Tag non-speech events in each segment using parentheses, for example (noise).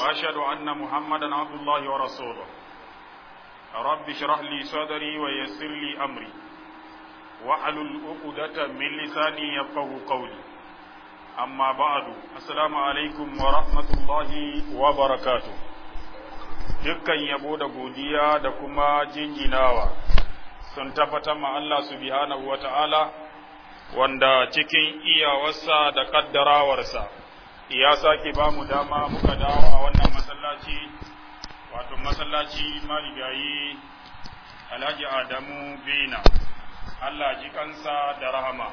وأشهد أن محمدا عبد الله ورسوله رب اشرح لي صدري ويسر لي أمري واحلل عقدة من لساني يفقه قولي أما بعد السلام عليكم ورحمة الله وبركاته dukkan yabo da godiya da kuma jinjinawa sun tabbatar ma Allah subhanahu wa ta'ala wanda cikin iyawarsa da kaddarawarsa ya sake ba mu dama muka dawo a wannan masallaci wato masallaci marigayi alhaji adamu bina allah ji kansa da rahama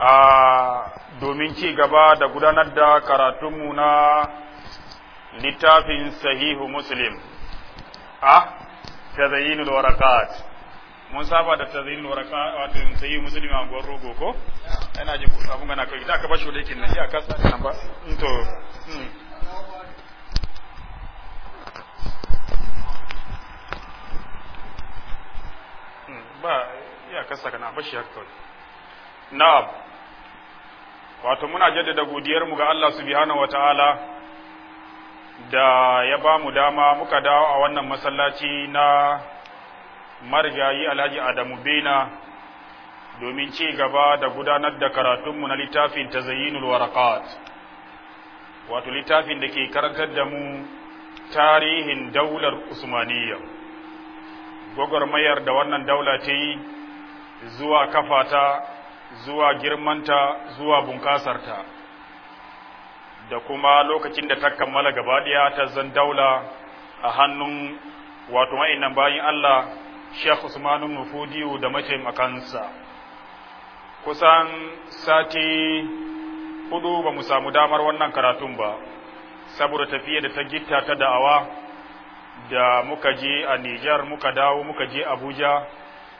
a domin ci gaba da gudanar da karatunmu na littafin sahihu muslim a tazayinul warakat mun saba da tazilin waraka wato sai musulmi a gwar rogo ko yana ku a mun gana kai da aka bashi na shi a kasa nan ba hmm, to hmm. Hmm, ba ya kasa kana bashi har kai na'am wato muna jaddada godiyar mu ga Allah subhanahu wataala da ya ba mu dama muka dawo a wannan masallaci na marigayi alhaji adamu bena domin ci gaba da gudanar da karatunmu na littafin tazayyinul waraqat wato littafin da ke karantar da mu tarihin daular usmaniyya gwagwarmayar da wannan daula ta yi zuwa kafata zuwa girmanta zuwa bunkasarta da kuma lokacin da ta kammala gaba ɗaya ta zan daula a hannun wato wa'annan bayin Allah Sheikh Usman da Fudiyu da mataimakansa kusan sati hudu ba mu samu damar wannan karatun ba saboda tafiya da ta gitta ta da'awa da muka je a Nijar muka dawo muka je Abuja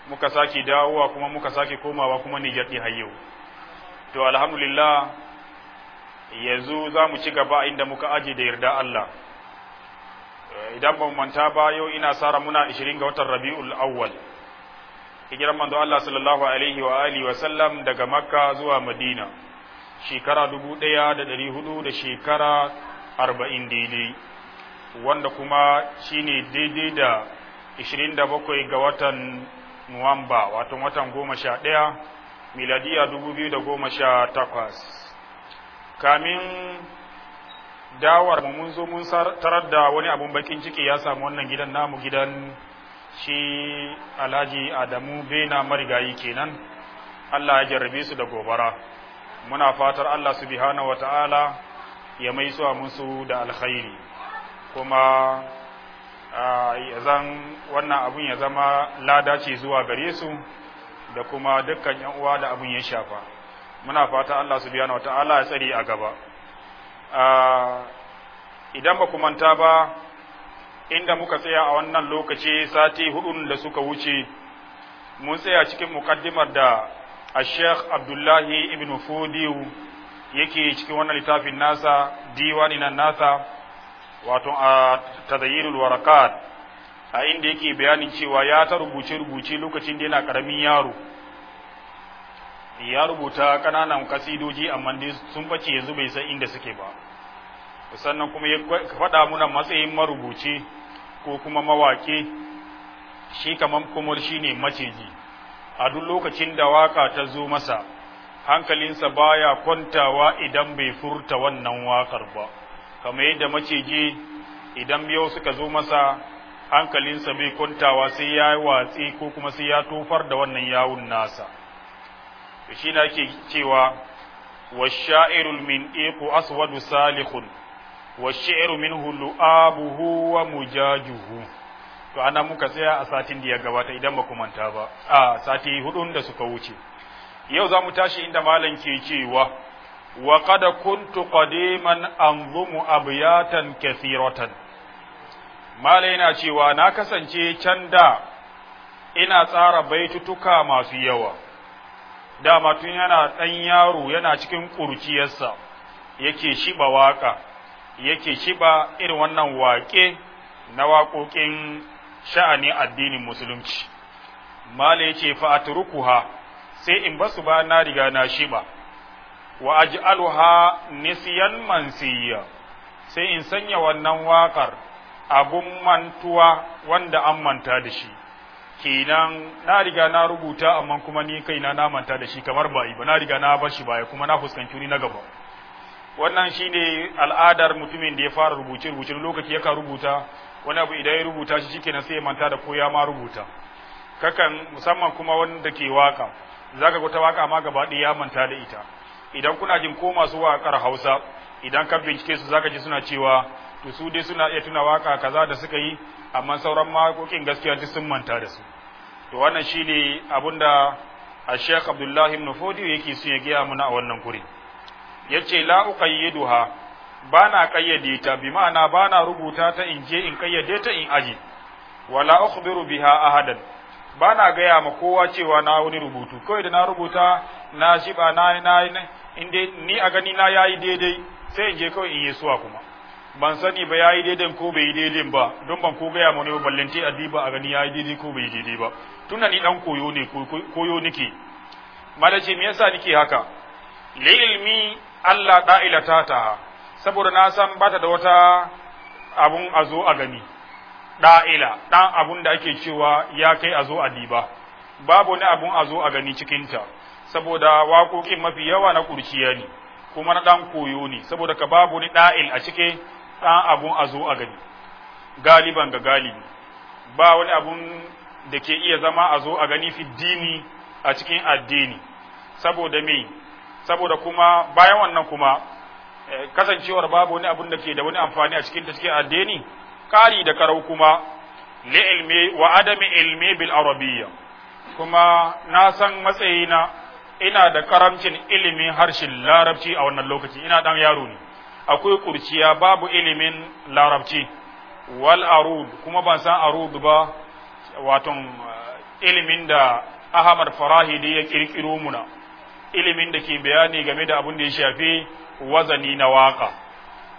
muka sake dawowa kuma muka sake komawa kuma Nijar ɗi har yau to alhamdulillah yanzu za mu ci gaba inda muka aje da yarda Allah Eh, idan ban manta ba yau ina sara muna 20 ga watan Rabiul Awwal hijiran manzo Allah sallallahu alaihi wa alihi wa sallam daga Makka zuwa Madina shekara 1400 da shekara 40 daidai wanda kuma shine daidai da 27 ga watan Nuwamba wato watan 11 miladiya 2018 kamin dawar mu mun zo mun tarar da wani abun bakin ciki ya samu wannan gidan namu gidan shi alhaji adamu bena marigayi kenan allah ya jarrabe su da gobara muna fatar allah subhanahu wata'ala ya mai suwa musu da alkhairi kuma ya zan wannan abun ya zama lada ce zuwa gare su da kuma dukkan yan uwa da abun ya shafa muna fata allah subhanahu wata'ala ya tsare a gaba Ah, idan ba ku manta ba inda muka tsaya a wannan lokaci sati hudun da suka wuce mun tsaya cikin mukaddimar da a Sheikh Abdullahi ibn Fudiyu yake cikin wannan littafin nasa diwani na nasa wato a tazayirul warakat a inda yake bayanin cewa ya ta rubuce rubuce lokacin da yana karamin yaro ya rubuta ƙananan kasidoji amma sun bace yanzu bai san inda suke ba sannan kuma ya faɗa muna matsayin marubuci ko kuma mawaƙi shi kamar kumar shi ne maciji a duk lokacin da waka ta zo masa hankalinsa baya kwantawa idan bai furta wannan wakar ba kamar yadda maciji idan biyu suka zo masa hankalinsa bai kwantawa sai ya yi watsi ko kuma sai ya tofar da wannan yawun nasa shi na ke cewa wa sha'irul min iku aswadu salihun والشعر منه لؤابه ومجاجه wa mujajuhu to ana muka tsaya a satin da ya gabata idan ba manta ba a sati hudun da suka wuce yau zamu tashi inda malam ke cewa wa qad kuntu qadiman anzumu abyatan kathiratan malam yana cewa na kasance can da ina tsara baitutuka masu yawa dama tun yana ɗan yaro yana cikin ƙurciyarsa yake shiba waƙa yake shiba irin wannan waƙe na waƙoƙin sha'ani addinin musulunci mala yace fa atrukuha sai in basu ba na riga na shiba wa aj'aluha nisyan mansiya sai in sanya wannan waƙar abun mantuwa wanda an manta da shi kenan na riga na rubuta amma kuma ni kaina na manta da shi kamar ba ba na riga na bar shi baya kuma na fuskanci ni na gaba wannan shine al'adar mutumin da ya fara rubuce rubuce lokaci ya ka rubuta wani abu idan ya rubuta shi shikenan sai ya manta da ko ya ma rubuta kakan musamman kuma wanda ke waka zaka ga ta waka ma gaba ɗaya ya manta da ita idan kuna jin ko masu waƙar Hausa idan ka bincike su zaka ji suna cewa to su dai suna iya tuna waka kaza da suka yi amma sauran makokin gaskiya duk sun manta da su to wannan shine abinda a Sheikh Abdullahi ibn Fodi yake so ya gaya mana a wannan kuri Ya yace la uqayyiduha bana kayyade ta bi ma'ana bana rubuta ta in je in kayyade ta in aji wala ukhbiru biha ahadan bana gaya ma kowa cewa na wani rubutu kawai da na rubuta na shiba na na inde ni a gani na yayi daidai sai in je kawai in yi suwa kuma ban sani ba yayi daidai ko bai yi daidai ba don ban ko gaya ma ne ballanti adiba a gani yayi daidai ko bai yi daidai ba tunda ni dan koyo ne koyo nake malaci me yasa nike haka lilmi Allah ɗa'ila ta saboda na san bata da wata abun a zo a gani da'ila dan abun da ake cewa ya kai a zo a diba babu ni abun a zo a gani cikinta saboda waƙoƙin mafi yawa na kurciya ne kuma na dan koyo ne saboda ka babu ni da'il a cike dan abun a zo a gani galiban ga galibi ba wani abun da ke iya zama a zo a gani fi dini a cikin addini saboda me saboda kuma bayan wannan kuma eh, kasancewar babu wani abin da ke da wani amfani a cikin ta cikin addini kari da karau kuma li ilmi wa adami ilmi bil arabiyya kuma na san matsayina ina da karamcin ilimin harshen larabci a wannan lokaci ina dan yaro ne akwai kurciya babu ilimin larabci wal arud kuma ban san arud ba waton eh, ilimin da Ahmad Farahidi ya kirkiro muna ilimin da ke bayani game da abin da ya shafi wazani na waka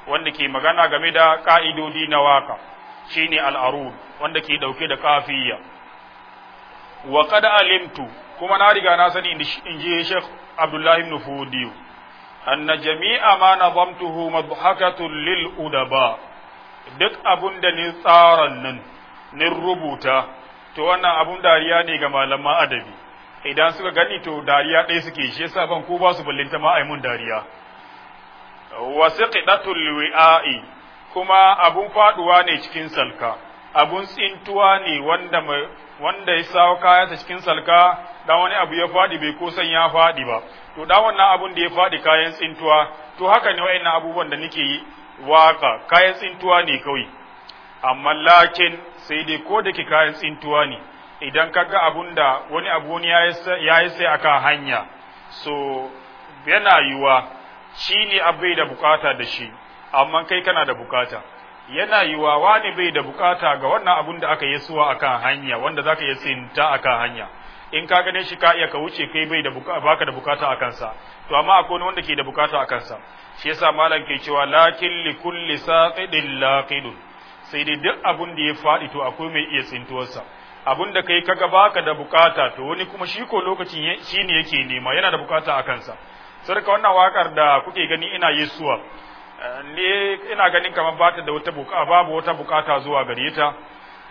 wanda ke magana game da ka'idodi na waka shine al'arud wanda ke dauke da kafiya wa qad alimtu kuma na riga na sani in ji Sheikh Abdullah ibn Fudiyu anna jami'a ma nazamtuhu madhhakatun lil udaba duk abun da ni tsaran nan ni rubuta to wannan abun dariya ne ga malaman adabi idan suka gani to dariya ɗaya suke shi yasa ban ko ba su ballinta ma ai mun dariya wasiqdatul wi'a'i kuma abun faduwa ne cikin salka abun tsintuwa ne wanda wanda ya sawo ta cikin salka dan wani abu ya fadi bai ko san ya fadi ba to dan wannan abun da ya fadi kayan tsintuwa to haka ne wayannan abubuwan da nake yi waka kayan tsintuwa ne kawai amma lakin sai dai ko da ke kayan tsintuwa ne idan ka ga abun da wani abu wani ya yi sai aka hanya so yana yiwa shi ne bai da bukata da shi amma kai kana da bukata yana yiwa wani bai da bukata ga wannan abun da aka yi suwa akan hanya wanda za ka yi sinta akan hanya in ka gane shi ka iya ka wuce kai bai da baka da bukata a kansa to amma akwai wani wanda ke da bukata a kansa shi yasa malam ke cewa lakin li kulli saqidin laqidun sai dai duk abun da ya fadi to akwai mai iya tsintuwarsa abin da kai kaga baka da bukata to wani kuma shi ko lokacin shi ne yake nema yana da bukata a kansa sarka wannan wakar da kuke gani ina yesuwa ne ina ganin kamar bata da wata bukata babu wata bukata zuwa gare ta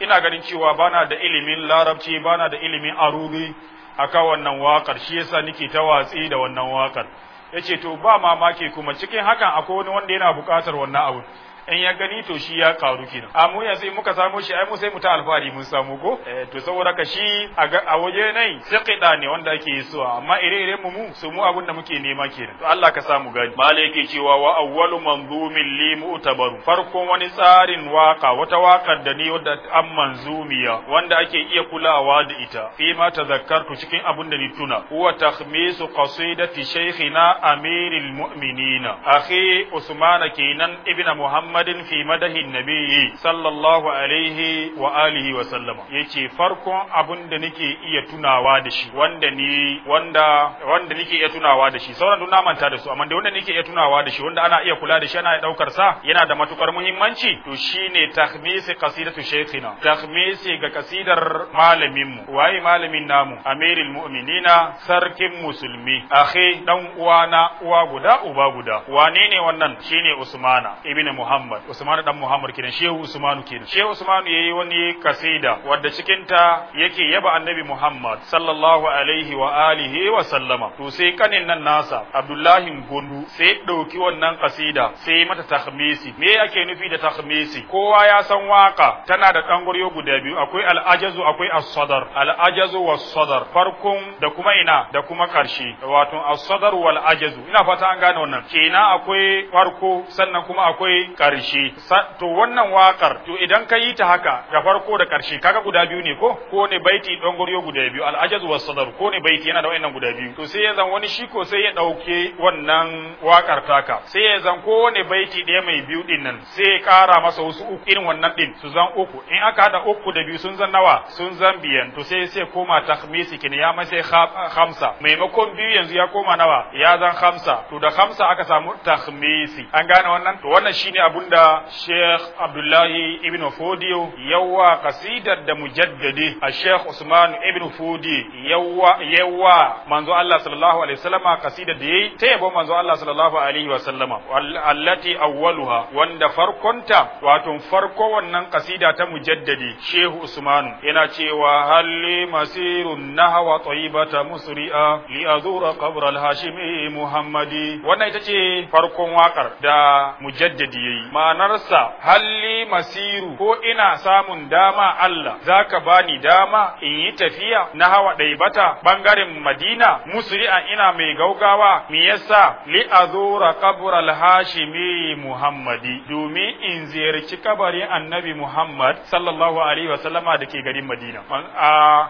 ina ganin cewa bana da ilimin larabci bana da ilimin arubi aka wannan wakar shi yasa nike ta watsi da wannan wakar yace to ba mamaki kuma cikin hakan akwai wani wanda yana bukatar wannan abu in ya gani to shi ya karu kenan a mu yanzu in muka samo shi ai mu sai mu ta alfahari mun samu ko eh, to saboda ka shi a waje nai siqida ne wanda ake yi suwa amma ire-ire mu mu su mu abin da muke nema kenan to Allah ka samu gani malai yake cewa wa awwalu manzumin li mu'tabaru farkon wani tsarin waka wata wakar da ni wadda an manzumiya wanda ake iya kulawa da ita fi ma tazakkartu cikin abun da ni tuna huwa takhmisu qasidati shaykhina amiril mu'minina akhi usmana kenan ibnu muhammad muhammadin madahin nabiyyi sallallahu alaihi wa alihi wa sallama yace farkon abun da nake iya tunawa da shi wanda ni wanda wanda nake iya tunawa da shi sauran duk na da su amma wanda nake iya tunawa da shi wanda ana iya kula da shi ana iya daukar sa yana da matukar muhimmanci to shine takhmisi kasidatu shaykhina takhmisi ga kasidar malaminmu. waye malamin namu amirul mu'minina sarkin musulmi akhi dan uwana uwa guda uba guda wane ne wannan shine usmana ibn muhammad Muhammad Usman dan Muhammad kenan Shehu usmanu kenan Shehu Usmanu yayi wani kasida wadda cikin ta yake yaba Annabi Muhammad sallallahu alaihi wa alihi wa sallama to sai kanin nan nasa Abdullahi Gondu sai dauki wannan kasida sai mata takhmisi me yake nufi da takhmisi kowa ya san waka tana da dan guryo guda biyu akwai al-ajazu akwai as-sadar al-ajazu was-sadar farkon da kuma ina da kuma karshe wato as-sadar wal-ajazu ina fata an gane wannan kenan akwai farko sannan kuma akwai karshe to wannan wakar to idan ka yi ta haka da farko da karshe kaga guda biyu ne ko ko ne baiti don guryo guda biyu ajaz was sadar ko ne baiti yana da wannan guda biyu to sai ya zan wani shi ko sai ya dauke wannan wakar taka sai ya zan ko ne baiti ɗaya mai biyu din nan sai ya ƙara masa wasu uku irin wannan din su zan uku in aka hada uku da biyu sun zan nawa sun zan biyan to sai sai koma takhmisi kin ya mai sai khamsa maimakon biyu yanzu ya koma nawa ya zan khamsa to da khamsa aka samu takhmisi an gane wannan to wannan shine abu abunda Sheikh Abdullahi ibn Fodiyo yawa kasidar da mujaddadi a Sheikh Usman ibn Fodi yawa yawa manzo Allah sallallahu alaihi wasallama kasidar da yayi ta yabo manzo Allah sallallahu alaihi wasallama allati awwaluha wanda farkonta wato farko wannan kasida ta mujaddadi Sheikh Usman yana cewa halli masirun nahwa tayyibata musri'a li azura qabr al-hashimi Muhammadi wannan ita ce farkon waƙar da mujaddadi yayi ma'anarsa halli masiru ko ina samun dama Allah zaka bani dama in yi tafiya na hawa ɗaibata bangaren Madina musria ina mai gaugawa me yasa li azura qabr al-hashimi Muhammadi domin in ziyarci kabarin Annabi Muhammad sallallahu alaihi wa sallama dake garin Madina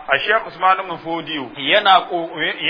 a Sheikh Usman Mufodiyo yana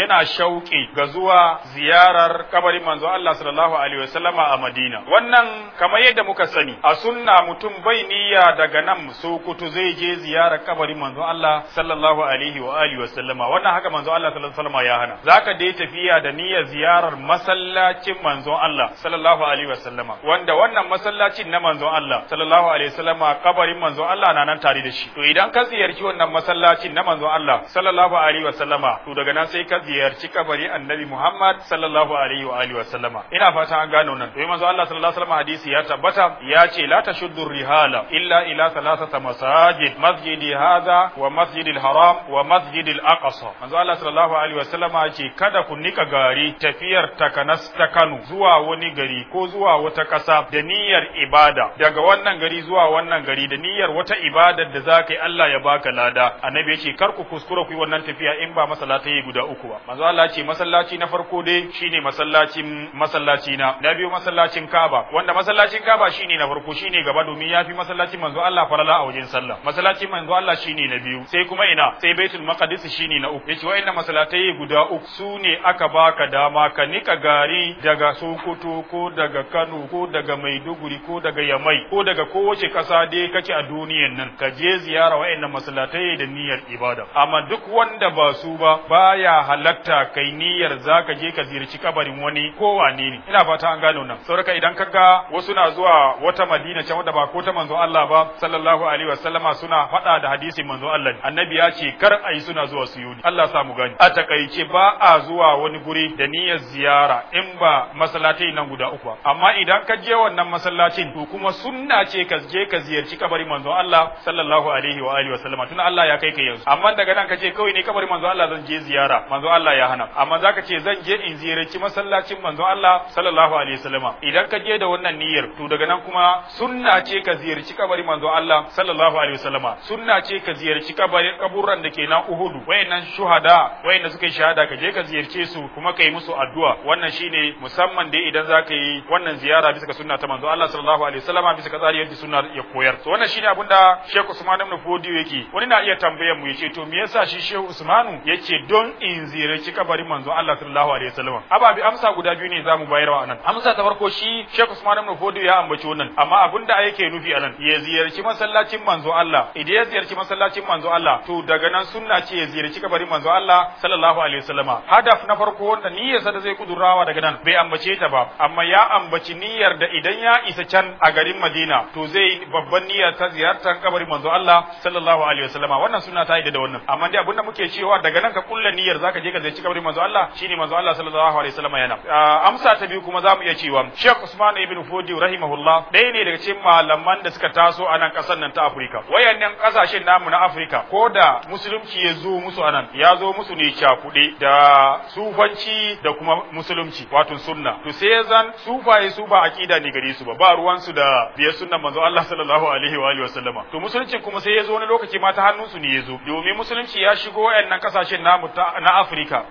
yana shauki ga zuwa ziyarar kabarin manzo Allah sallallahu alaihi wa sallama a Madina wannan kamar yadda yadda muka sani a sunna mutum bai niyya daga nan Sokoto zai je ziyarar kabarin manzon Allah sallallahu alaihi wa alihi wa sallama wannan haka Allah sallallahu alaihi wa ya hana zaka dai tafiya da niyyar ziyarar masallacin manzon Allah sallallahu alaihi wa sallama wanda wannan masallacin na Allah sallallahu alaihi wa sallama kabarin Allah na nan tare da shi to idan ka ziyarci wannan masallacin na manzon Allah sallallahu alaihi wa sallama to daga nan sai ka ziyarci kabari annabi Muhammad sallallahu alaihi wa alihi wa sallama ina fata an gano nan to Allah sallallahu alaihi wa sallama hadisi ya tabbata tabbata ya ce la tashuddu rihala illa ila thalathata masajid masjidi hadha wa masjidil haram wa masjidil aqsa manzo Allah sallallahu alaihi wasallama ce kada ku nika gari tafiyar takanas ta Kano zuwa wani gari ko zuwa wata ƙasa da niyyar ibada daga wannan gari zuwa wannan gari da niyyar wata ibada da za ka yi Allah ya baka lada annabi ya ce kar ku kuskura ku yi wannan tafiya in ba yi guda uku ba manzo Allah ce masallaci na farko dai shine masallacin masallaci na na biyu masallacin Kaaba wanda masallacin shakka ba shine na farko shine gaba domin ya fi masallacin manzo Allah farala a wajen sallah masallacin manzo Allah shine na biyu sai kuma ina sai baitul maqdis shine na uku yace wa'annan masallatai guda uku su ne aka baka dama ka nika gari daga Sokoto ko daga Kano ko daga Maiduguri ko daga Yamai ko daga kowace kasa dai kace a duniyar nan ka je ziyara wa'annan masallatai da niyyar ibada amma duk wanda ba su ba baya halatta kai niyyar zaka je ka ziyarci kabarin wani ko wane ne ina fata an gano nan sauraka idan ka ga wasu na zuwa zuwa wata madina can wanda ba ko ta manzo Allah ba sallallahu alaihi wasallama suna faɗa da hadisin manzo Allah annabi ya ce kar ayi suna zuwa suyuni Allah sa mu gani a takaice ba a zuwa wani guri da niyyar ziyara in ba masallatai nan guda uku amma idan ka je wannan masallacin to kuma sunna ce ka je ka ziyarci kabarin manzo Allah sallallahu alaihi wa alihi wasallama tun Allah ya kai ka yanzu amma daga nan ka ce kawai ne kabarin manzo Allah zan je ziyara manzo Allah ya hana amma zaka ce zan je in ziyarci masallacin manzo Allah sallallahu alaihi wasallama idan ka je da wannan niyyar to daga nan kuma sunna ce ka ziyarci kabarin manzo Allah sallallahu alaihi wasallama sunna ce ka ziyarci kabarin kaburran da ke nan Uhud wayannan shuhada wayanda suka yi shahada ka je ka ziyarce su kuma kai musu addu'a wannan shine musamman da idan zaka yi wannan ziyara bisa ga sunna ta manzo Allah sallallahu alaihi wasallama bisa ga tsari yadda sunna ya koyar to wannan shine abinda Sheikh Usman ibn fodi yake wani na iya tambayar mu yace to me yasa shi Sheikh ya yace don in ziyarci kabari manzo Allah sallallahu alaihi wasallama ababi amsa guda biyu ne zamu bayarwa anan amsa ta farko shi Sheikh Usman ibn Fodi ya ambaci wannan amma abin da yake nufi a nan ya ziyarci masallacin manzo Allah idan ya ziyarci masallacin manzo Allah to daga nan sunna ce ya ziyarci kabarin manzo Allah sallallahu alaihi wasallama hadaf na farko wanda niyyarsa da zai kudurawa daga nan bai ambace ta ba amma ya ambaci niyyar da idan ya isa can a garin Madina to zai babban niyya ta ziyartar kabarin manzo Allah sallallahu alaihi wasallama wannan sunna ta yi da wannan amma dai abin da muke cewa daga nan ka kulla niyyar zaka je ka ziyarci kabarin manzo Allah shine manzo Allah sallallahu alaihi wasallama yana ah, amsa ta biyu kuma za mu iya cewa Sheikh Usman ibn Fodi rahimahu rahimahullah ɗaya ne daga cikin malaman da suka taso a nan ƙasar nan ta Afirka wayannan ƙasashen namu na Afirka ko da musulunci ya zo musu anan ya zo musu ne cakuɗe da sufanci da kuma musulunci wato sunna to sai zan sufaye su ba akida ne gare su ba ba ruwan su da biye sunnan manzo Allah (laughs) sallallahu alaihi wa alihi wasallama to musulunci kuma sai ya zo wani lokaci ma ta hannun su ne ya zo domin musulunci ya shigo wayannan ƙasashen namu na Afirka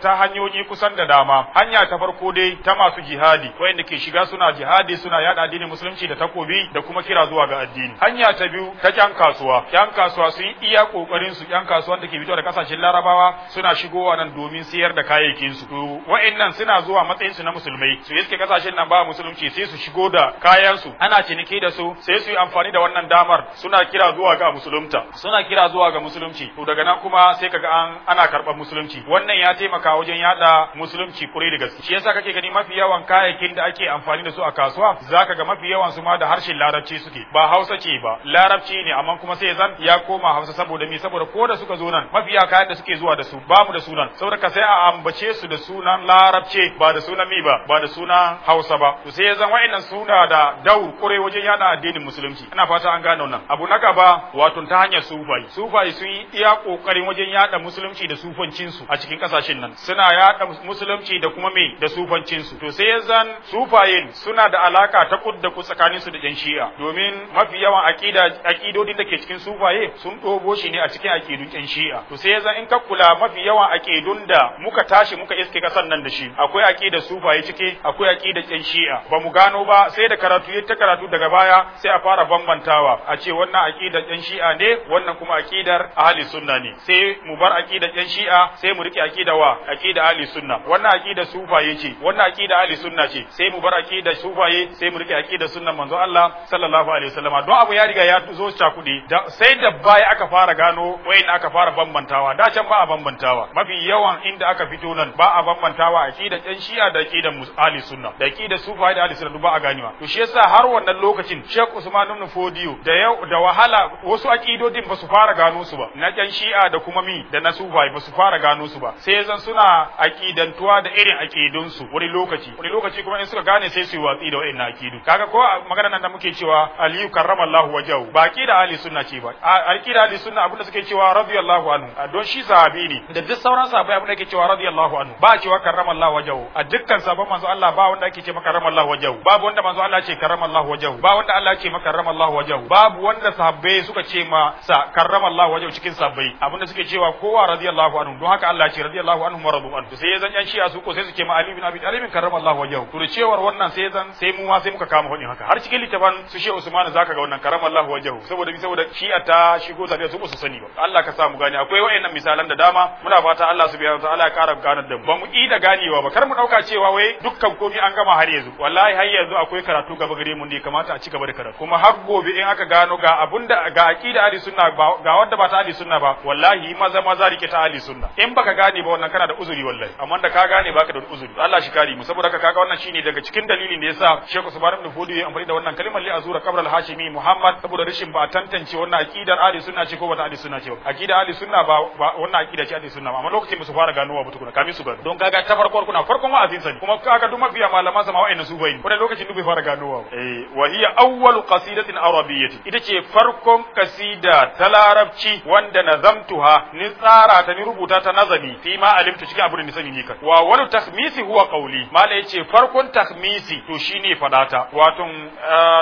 ta hanyoyi kusan da dama hanya ta farko dai ta masu jihadi wayanda ke shiga suna jihadi suna yada addinin musulunci da takobi da kuma kira zuwa ga addini hanya ta biyu ta kyan kasuwa kyan kasuwa sun yi iya kokarin su kyan kasuwa da ke fito da kasashen larabawa suna shigowa nan domin siyar da kayayyakin su wa'annan suna zuwa matsayin su na musulmai su iske kasashen nan ba musulunci sai su shigo da kayan su ana ciniki da su sai su yi amfani da wannan damar suna kira zuwa ga musulunta suna kira zuwa ga musulunci to daga nan kuma sai kaga an ana karɓar musulunci wannan ya taimaka wajen yada musulunci kure da gaske shi yasa kake gani mafi yawan kayayyakin da ake amfani da su a kasuwa za zaka ga mafi yawan su ma da harshen larabci suke ba hausa ce ba larabci ne amma kuma sai zan ya koma hausa saboda me saboda ko da suka zo nan mafi ya kayan da suke zuwa da su ba mu da sunan saboda ka sai a ambace su da sunan larabce ba da sunan mi ba ba da sunan hausa ba to sai zan wa'annan suna da dau kure wajen yana addinin musulunci ina fata an gano nan abu na gaba wato ta hanyar sufai sufai sun yi iya kokarin wajen yada musulunci da sufancin su a cikin kasashen nan suna yada musulunci da kuma me da sufancin su to sai zan sufayin suna da alaka ta kudda ku tsakanin su da ɗan shi'a domin mafi yawan aƙidodin aƙidodin da ke cikin sufaye sun ɗobo shi ne a cikin aƙidun ɗan shi'a to sai yanzu in ka kula mafi yawan aƙidun da muka tashi muka iske kasan nan da shi akwai aƙida sufaye cike akwai aƙidar yan shi'a ba mu gano ba sai da karatu ta karatu daga baya sai a fara bambantawa a ce wannan aƙidar ɗan shi'a ne wannan kuma aƙidar ahli sunna ne sai mu bar aƙidar ɗan shi'a sai mu rike aƙida wa aƙida ahli sunna wannan aƙida sufaye ce wannan aƙida ahli sunna ce sai mu bar aƙida sufaye sai mu rike aqida sunnan manzo Allah sallallahu alaihi wasallama don abu ya riga ya zo cakudi sai da baya aka fara gano wayin aka fara bambantawa da can ba a bambantawa mafi yawan inda aka fito nan ba a bambantawa aqida ɗan shi'a da aqida musali sunna da aqida sufa da ahli sunna ba a ganewa to shi yasa har wannan lokacin Sheikh Usman ibn Fodiyo da yau da wahala wasu aqidodin ba su fara gano su ba na ɗan shi'a da kuma mi da na sufa ba su fara gano su ba sai zan suna aqidantuwa da irin su wani lokaci wani lokaci kuma in suka gane sai su yi watsi da wayannan tauhidu kaga ko magana nan da muke cewa aliyu karramallahu wajahu ba aqida ahli sunna ce ba aqida ahli sunna abinda suke cewa radiyallahu anhu don shi sahabi ne da duk sauran sahabbai abinda yake cewa radiyallahu anhu ba cewa karramallahu wajahu a dukkan sahabban manzo Allah ba wanda ake ce makarramallahu wajahu babu wanda manzo Allah ce karramallahu wajahu ba wanda Allah ce makarramallahu wajahu babu wanda sahabbai suka ce ma sa karramallahu wajahu cikin sahabbai abinda suke cewa kowa radiyallahu anhu don haka Allah ce radiyallahu anhu maradu anhu sai ya zan yan a su ko sai su ce ma ali bin abi talib karramallahu wajahu to da cewar wannan sai zan sai mu ma sai sai muka kama hanyar haka har cikin littafin su shi Usman zaka ga wannan karam Allah wajahu saboda saboda shi'a ta shigo zabe su su sani ba Allah ka sa mu gane akwai wayannan misalan da dama muna fata Allah subhanahu wa ta'ala ya kara ganar da ba mu yi da ganewa ba kar mu dauka cewa wai dukkan komai an gama har yanzu wallahi har yanzu akwai karatu gaba gare mu ne kamata a ci gaba da karatu kuma har gobe in aka gano ga abunda ga aqida ahli sunna ga wanda ba ta ahli sunna ba wallahi maza maza rike ta ahli sunna in baka gane ba wannan kana da uzuri wallahi amma da ka gane baka da uzuri Allah shi kare mu saboda ka kaga wannan shine daga cikin dalilin da yasa Sheikh Usman ibn Fudu ya amfani da wannan kalmar li azura qabr al-Hashimi Muhammad saboda rashin ba tantance wannan aqidar ahli sunna ce ko ba ahli sunna ce ba aqida ahli sunna ba wannan aqida ce ahli sunna amma lokacin musu fara gano ba tukuna kamin su gano don kaga ta farko kuna farkon wa'azin sa sani kuma kaga duk mafiya malaman sama ma wa'annan su bai wannan lokacin duk bai fara gano wa. eh wa hiya awwalu qasidatin arabiyyati ita ce farkon kasida ta larabci wanda nazamtuha ni tsara ta ni rubuta ta nazami fi ma alimtu cikin abin da ni sani ni kan wa wal tahmisi huwa qawli mala yace farkon tahmisi to shine fada wakata wato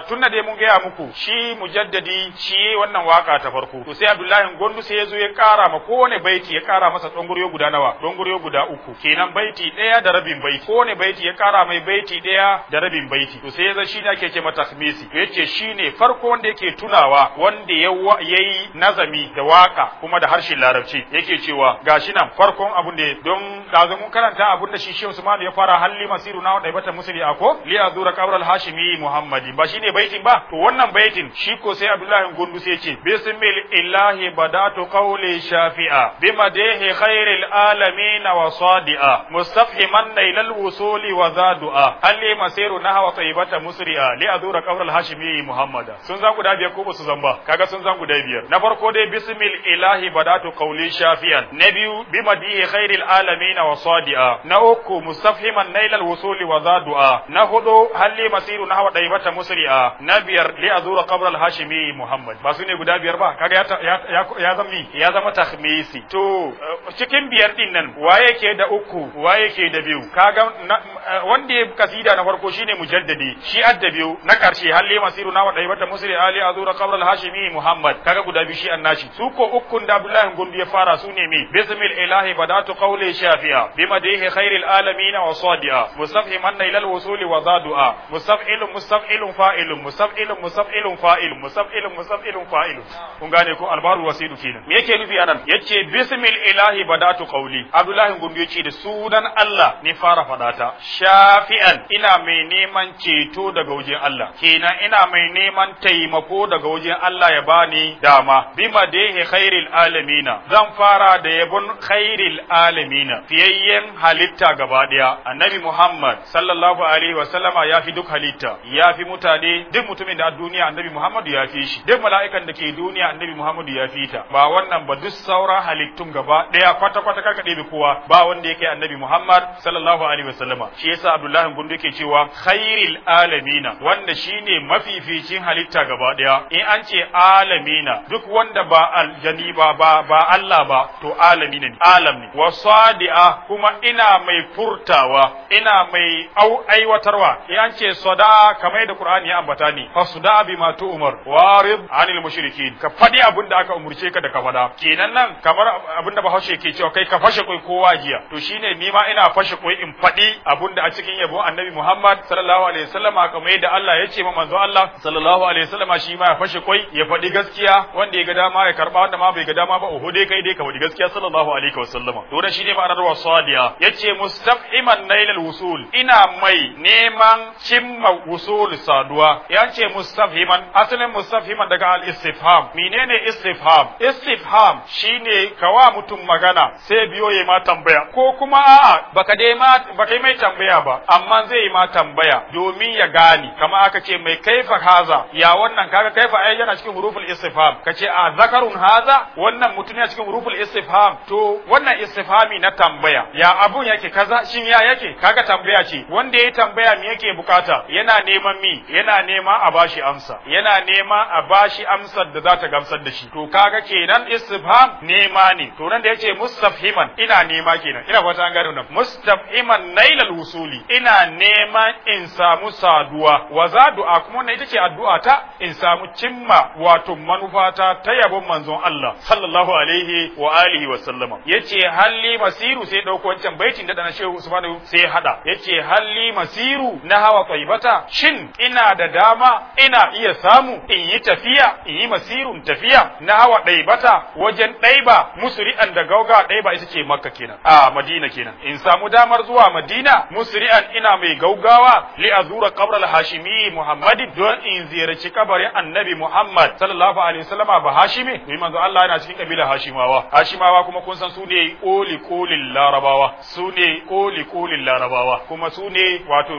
tun da dai mun gaya muku shi mujaddadi shi wannan waka ta farko to sai Abdullahi gondu sai ya zo ya kara ma kowane baiti ya kara masa donguryo guda nawa donguryo guda uku kenan baiti daya da rabin baiti kowane baiti ya kara mai baiti daya da rabin baiti to sai ya zo shi ne ake ce mata tasmisi to yace shine farko wanda yake tunawa wanda yayi nazami da waka kuma da harshen larabci yake cewa gashi nan farkon abun da don da mun karanta abun da shi shi Usman ya fara halli masiru na wa daibata bata musuli ako li azura qabral hashimi muhammadi ba shine baitin ba to wannan baitin shi ko sai abdullahi gundu sai ce bismil illahi badatu qawli shafi'a dehe khairil alamin wa sadi'a mustafhiman ila alwusuli wa zadu'a alli masiru nahwa tayyibata musri'a li adura qawral hashimi muhammada sun zan guda biyar ko ba su zan ba kaga sun zan guda biyar na farko dai bismil ilahi badatu qawli shafi'an na biyu dehe khairil alamin wa sadi'a na uku mustafhiman ila alwusuli wa zadu'a na hudu halli asiru na hawa daifata musri'a na biyar li azura qabr al hashimi muhammad ba su ne guda biyar ba kaga ya ya zami ya zama takhmisi to eh, cikin biyar din nan waye ke da uku waye ke da biyu kaga eh, wanda ya kasida na farko shine mujaddadi shi adda biyu na karshe halli masiru na wadai wata musri ali azura qabr al hashimi muhammad kaga guda biyu shi annashi su ko ukun da abdullahi gundu ya fara su ne me bismil ilahi badatu qawli shafi'a bimadihi khairil alamin wa sadi'a mustafhiman ila al wusuli wa zadu'a mustaf'ilun mustaf'ilun fa'ilun mustaf'ilun mustaf'ilun fa'ilun mustaf'ilun mustaf'ilun fa'ilun kun gane ko albaru wasidu kenan me yake nufi anan yace bismil ilahi badatu qawli abdullahi gundu yace da sunan Allah ne fara fadata shafi'an ina mai neman ceto daga wajen Allah kenan ina mai neman taimako daga wajen Allah ya bani dama bima dehe khairil alamina zan fara da yabon khairil alamina fiyayyen halitta gaba daya annabi Muhammad sallallahu alaihi wa sallama ya fi duk halitta ya fi mutane duk mutumin da a duniya annabi Muhammadu ya fi shi duk mala'ikan da ke duniya annabi Muhammadu ya fi ta ba wannan ba duk sauran halittun gaba daya kwata kwata karka ɗebe kowa ba wanda yake annabi Muhammad sallallahu alaihi wa sallama shi yasa Abdullahi Gundu yake cewa khairil alamina wanda shine mafificin halitta gaba daya in an ce alamina duk wanda ba aljani ba ba ba Allah ba to alamina alam ne wa sadi'a kuma ina mai furtawa ina mai au aiwatarwa in an ce fasada kamar da Qur'ani ya ambata ni fasada bima umar warid anil mushrikin ka fadi abin da aka umurce ka da ka fada kenan nan kamar abin da Bahaushe ke cewa kai ka fashe koi kowa jiya to shine ni ma ina fashe koi in fadi abin da a cikin yabo Annabi Muhammad sallallahu alaihi Aka kamar da Allah ya ce ma manzo Allah sallallahu alaihi wasallam shi ma ya fashe koi ya fadi gaskiya wanda ya ga dama ya karba wanda ma bai ga dama ba oho dai kai dai ka fadi gaskiya sallallahu alaihi wasallam to da shine ma'anar wasadiya yace mustafiman nailal wusul ina mai neman cimma tamma wusul saduwa ya ce mustafhiman asalin mustafhiman daga al istifham menene istifham istifham shine kawa mutum magana sai biyo yayi ma tambaya ko kuma a'a baka dai ma baka mai tambaya ba amma zai yi ma tambaya domin ya gani. kama aka ce mai kaifa haza ya wannan kaga kaifa ai yana cikin huruful istifham kace a zakarun haza wannan mutum yana cikin huruful istifham to wannan istifhami na tambaya ya abun yake kaza shin ya yake kaga tambaya ce wanda ya tambaya me yake bukata yana neman mi yana nema a bashi amsa yana nema a bashi amsar da za ta gamsar da shi to kaga kenan istifham nema ne to nan da yace mustafhiman ina nema kenan ina fata an gane wannan mustafhiman nailal wusuli ina nema in samu saduwa wa za du'a kuma wannan ita ce addu'a ta in samu cimma wato manufata ta yabon manzon Allah sallallahu alaihi wa alihi wa sallama yace halli masiru sai dauko wancan baitin da dana shehu subhanahu sai hada yace halli masiru na hawa tayyiba ambata shin ina da dama ina iya samu in yi tafiya in yi masirun tafiya na hawa ɗaibata wajen ɗaiba musuri'an da gauga ɗaiba ita ce makka kenan a madina kenan in samu damar zuwa madina musri'an ina mai gaugawa li azura qabral hashimi muhammadi don in ziyarci kabarin annabi muhammad sallallahu alaihi wasallama ba hashimi mai manzo Allah yana cikin kabilar hashimawa hashimawa kuma kun san su ne koli kolin larabawa su ne koli kolin larabawa kuma su ne wato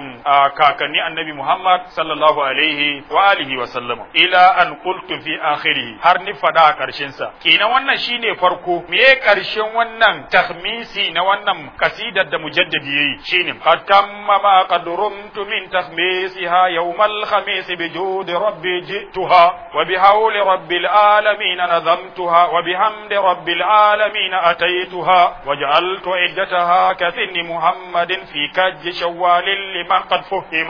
kakanni annabi Muhammad sallallahu alaihi wa alihi wa sallama ila an qultu fi akhirih har ni fada a karshen sa kenan wannan shine farko me karshen wannan tahmisi na wannan kasidar da mujaddadi yayi shine fatamma ma qadruntu min tahmisiha yawm al-khamis bi judi rabbi jituha wa bi hawli rabbil alamin nazamtuha wa bihamdi rabbil alamin ataytuha waj'altu iddataha ka محمد في كج شوال لمن قد فهم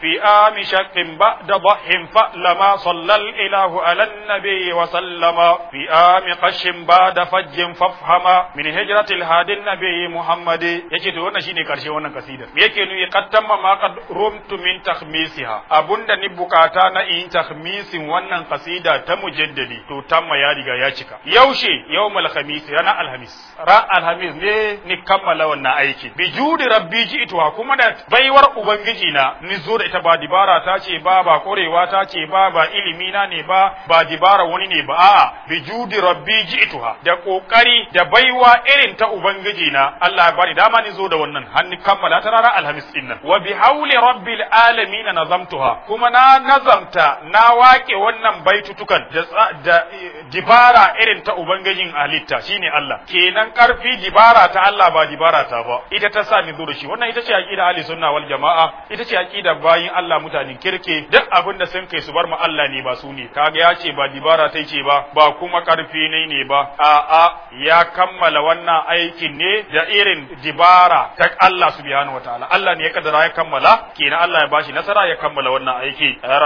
في آم شك بعد ضح فلما صلى الإله على النبي وسلم في آم قش بعد فج فافهم من هجرة الهادي النبي محمد يجي تو wannan shine karshe wannan kasida me yake nuyi qattamma ma qad rumtu min takhmisiha abunda ni bukata na in takhmisin wannan kasida ta mujaddadi to tamma ya riga ya cika yaushe yau khamis rana alhamis ran alhamis ne ni kammala wannan aiki bi judi rabbi ji itwa kuma da baiwar ubangiji na ni zo ita ba dibara ta ce ba ba korewa ta ce ba ba ilimi na ne ba ba dibara wani ne ba a'a bi judi rabbi ji'tuha da kokari da baiwa irin ta ubangiji na Allah ya bani dama ni zo da wannan hannu kammala ta rana alhamis din nan wa bi hauli rabbil alamin nazamtuha kuma na nazamta na wake wannan baitutukan da eh, dibara irin ta ubangijin halitta shine Allah kenan karfi dibara ta Allah ba dibara ta ba ita ta sa ni zo da shi wannan ita ce aqida ahli sunna wal jamaa ita ce aqida ba bayin Allah mutanen kirke duk abin da sun kai su bar mu Allah ne ba su ne kaga ya ce ba dibara ta ce ba ba kuma karfi ne ne ba a'a ya kammala wannan aikin ne da irin dibara ta Allah subhanahu wataala Allah ne ya kaddara ya kammala kenan Allah ya bashi nasara ya kammala wannan aiki eh,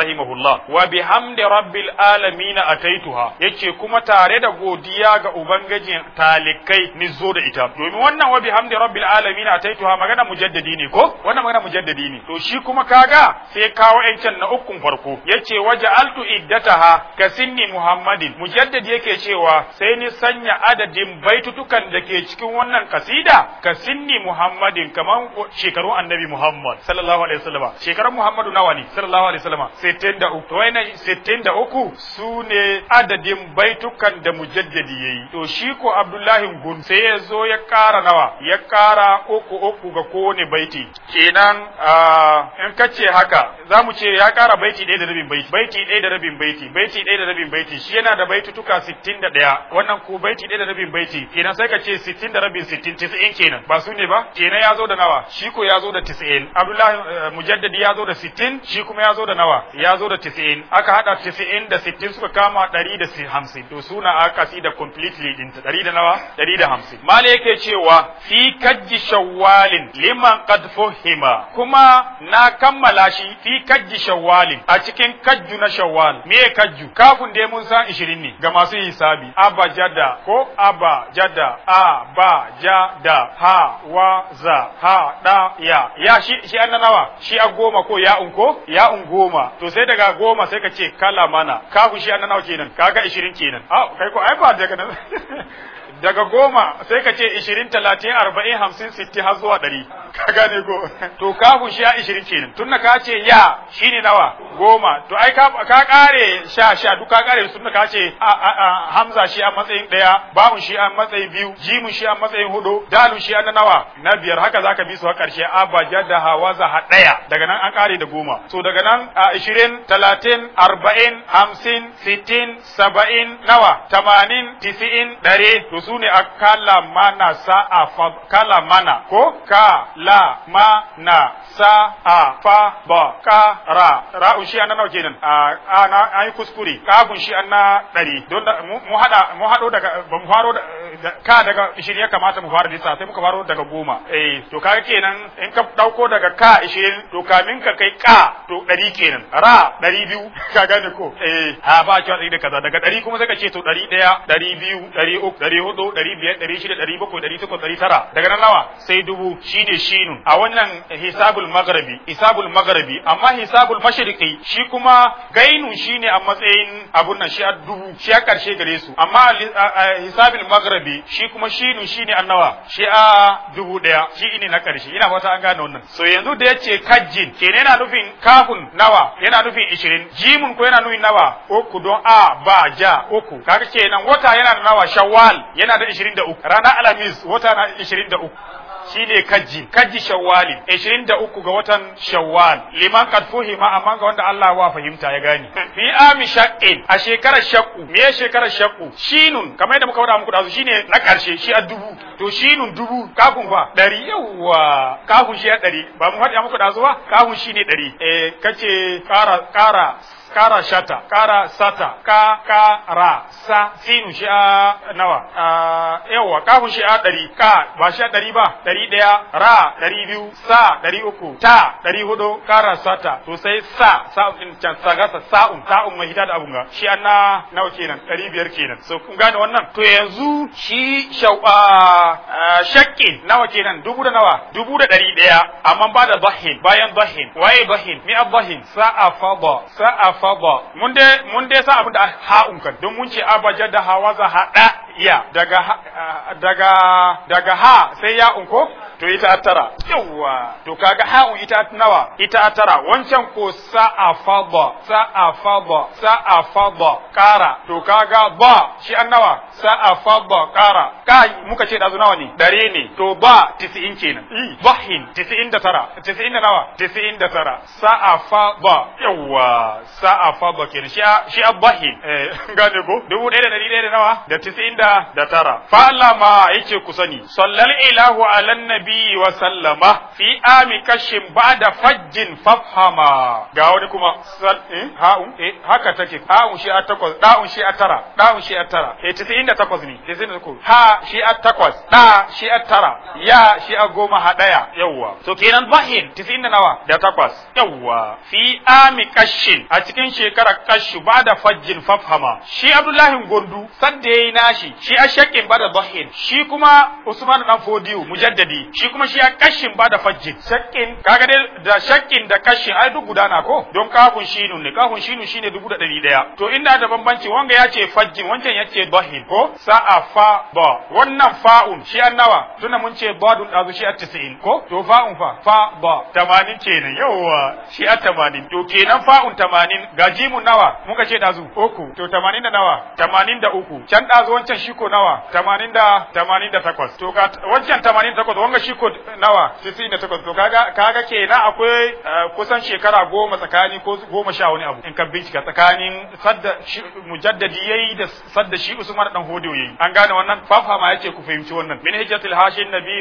rahimahullah wa bihamdi rabbil alamin ataituha yace kuma tare da godiya ga ubangijin talikai ni zo da ita domin wannan wa bihamdi rabbil alamin ataituha magana mujaddadi ne ko wannan magana mujaddadi ne to shi kuma kaga sai kawo yancan na ukun farko yace waje altu iddataha ka sinni muhammadin mujaddad yake cewa sai ni sanya adadin baitutukan da ke cikin wannan kasida ka sinni muhammadin kaman shekarun annabi muhammad sallallahu alaihi wasallam shekarun muhammadu nawa ne sallallahu alaihi wasallam 63 to wayannan 63 su ne adadin baitukan da mujaddadi yayi to shi ko abdullahi gun sai ya zo ya kara nawa ya kara uku uku ga kowane baiti kenan a ah, in ce haka za mu ce ya kara baiti ɗaya da rabin baiti baiti ɗaya da rabin baiti baiti ɗaya da rabin baiti shi yana da tuka sittin da ɗaya wannan ko baiti ɗaya da rabin baiti kenan sai ka ce sittin da rabin sittin 90 kenan ba su ne ba kenan ya zo da nawa shi ko ya zo da 90 Abdullahi eh, Mujaddadi ya zo da sittin shi kuma ya zo da nawa ya zo da 90 aka hada 90 da sittin suka kama da hamsin to suna akasi da completely din ɗari da nawa da hamsin. mala yake cewa fi kajji shawwalin liman qad fuhima kuma na kammala shi fi kajji shawwali a cikin kajju na shawwal me kajju kafin da mun san 20 ne ga masu hisabi jada ko jada a ba Jada, ha wa za ha da ya ya shi shi an shi a goma ko ya unko ya un goma to sai daga goma sai ka ce kala mana kafu shi an kenan kaga 20 kenan a kai ko ai ba daga nan (laughs) daga goma sai ka ce ishirin talatin arba'in hamsin sittin har zuwa ɗari ka gane ko to kafin ya ishirin kenan tun ka ce ya shine nawa goma to ai ka kare sha sha duk ka kare tun ka ce hamza shi a matsayin ɗaya mu shi a matsayin biyu jimun shi a matsayin hudu dalun shi a nawa na biyar haka zaka bi su a ƙarshe abajad da hawaza haɗaya daga nan an kare da goma so daga nan a ishirin talatin arba'in hamsin sittin saba'in nawa tamanin tisi'in ɗari to su ne a kala mana sa'a fa kala mana ko ka la ma na sa a fa ba ka ra Ra shi an nawa kenan a ana an yi kuskure gun shi an na dari. don mu hada mu hado daga ba mu faro ka daga ishirin ya kamata mu fara lissa sai muka faro daga goma eh to kaga kenan in ka dauko daga ka ishirin to kamin ka kai ka to dari kenan ra dari biyu ka gane ko eh ha ba ki da kaza daga dari kuma sai ka ce to dari ɗaya dari biyu dari uku dari hudu hudu ɗari biyar ɗari shida ɗari bakwai ɗari takwas ɗari tara daga nan nawa sai dubu shi shi nun a wannan hisabul magharibi hisabul magharibi amma hisabul mashriqi shi kuma gainu ne a matsayin abun nan shi a dubu shi a karshe gare su amma hisabul magharibi shi kuma shi ne shine annawa shi a dubu ɗaya shi ne na karshe ina fata an gane wannan so yanzu da yace kajjin kenan yana nufin kafun nawa yana nufin ishirin jimun ko yana nufin nawa uku don a ba ja uku kaga kenan wata yana nawa shawwal yana da 23 ranar alhamis wata na 23 shine kaji kaji shawwali 23 ga watan shawwal liman kad fuhima amma ga wanda Allah wa fahimta ya gani fi ami shaqqin a shekarar shaqu me shekarar shaqu shinun kamar yadda muka wada muku dazu shine na karshe shi a dubu to shinun dubu kafin fa dari yawa kafin shi a dari ba mu hada muku dazu ba kafin shine dari eh kace kara kara kara shata kara sata ka ka ra sa sinu shi a nawa yawa kafin shi a ɗari ka ba shi a ɗari ba ɗari ɗaya ra ɗari biyu sa ɗari uku ta ɗari hudu kara sata to sai sa sa ɗin can sagasa sa'un sa'un mai hita da abunga ga shi an na nawa kenan ɗari biyar kenan so kun gane wannan to yanzu shi shau shakki nawa kenan dubu da nawa dubu da ɗari ɗaya amma ba da bahin bayan bahin waye bahin mi abahin bahin sa'a fada sa'a fada mun dai mun dai sa abin da ha'un kan don mun ce abaja da hawaza hada ya daga eh, daga daga ha sai ya unko to ita tara yawa to kaga ha'u ita nawa ita tara wancan ko sa'afada sa'a sa'afada kara to kaga ba shi an nawa sa'afada kara kai muka ce dazu nawa ne dare ne to ba 90 kenan hmm. bahin 99 90 nawa 99 sa'afada yawa sa'afada kenan shi shi bahin eh, (laughs) gane ko dubu da dari da nawa da 99 fa Allah ma yake ku sani sallallahu alannabi nabiyyi wa sallama fi ami kashin da fajjin fafama. ga wani kuma eh, ha'un eh haka take ha'un shi a takwas da'un shi a tara da'un shi a tara Tisi eh 98 ne 98 ha shi a takwas da shi a tara ya shi a goma hadaya yawwa to kenan bahin Tisi 90 nawa da takwas yawwa fi ami kashin a cikin shekara kashu ba da fajjin fafama. shi abdullahi gondu sadda yayi nashi shi a shakin da bahin shi kuma usman dan fodiyu mujaddadi shi kuma shi ya kashin ba da fajjin shakkin kaga dai da shakkin da kashin ai duk gudana ko don kafun shinun ne kafun shi shine dubu da ɗari ɗaya to ina da bambanci wanga ya ce fajjin wancan ya ce bahin ko sa'a fa ba wannan fa'un shi an nawa tunda mun ce badun ɗazu shi a tisa'in ko to fa'un fa fa ba tamanin kenan yawwa shi a tamanin to kenan fa'un tamanin ga jimun nawa muka ce ɗazu uku to tamanin da nawa tamanin da uku can ɗazu wancan shi ko nawa tamanin da tamanin da takwas to ga wancan tamanin da takwas wanga shi kod nawa 68 to kaga kaga kenan akwai eh, kusan shekara goma tsakani ko goma sha wani abu in ka bincika tsakanin sadda mujaddadi yayi da sadda shi Usman dan Hodo yayi an gane wannan fafama yake ku fahimci wannan min hijratil hashin nabi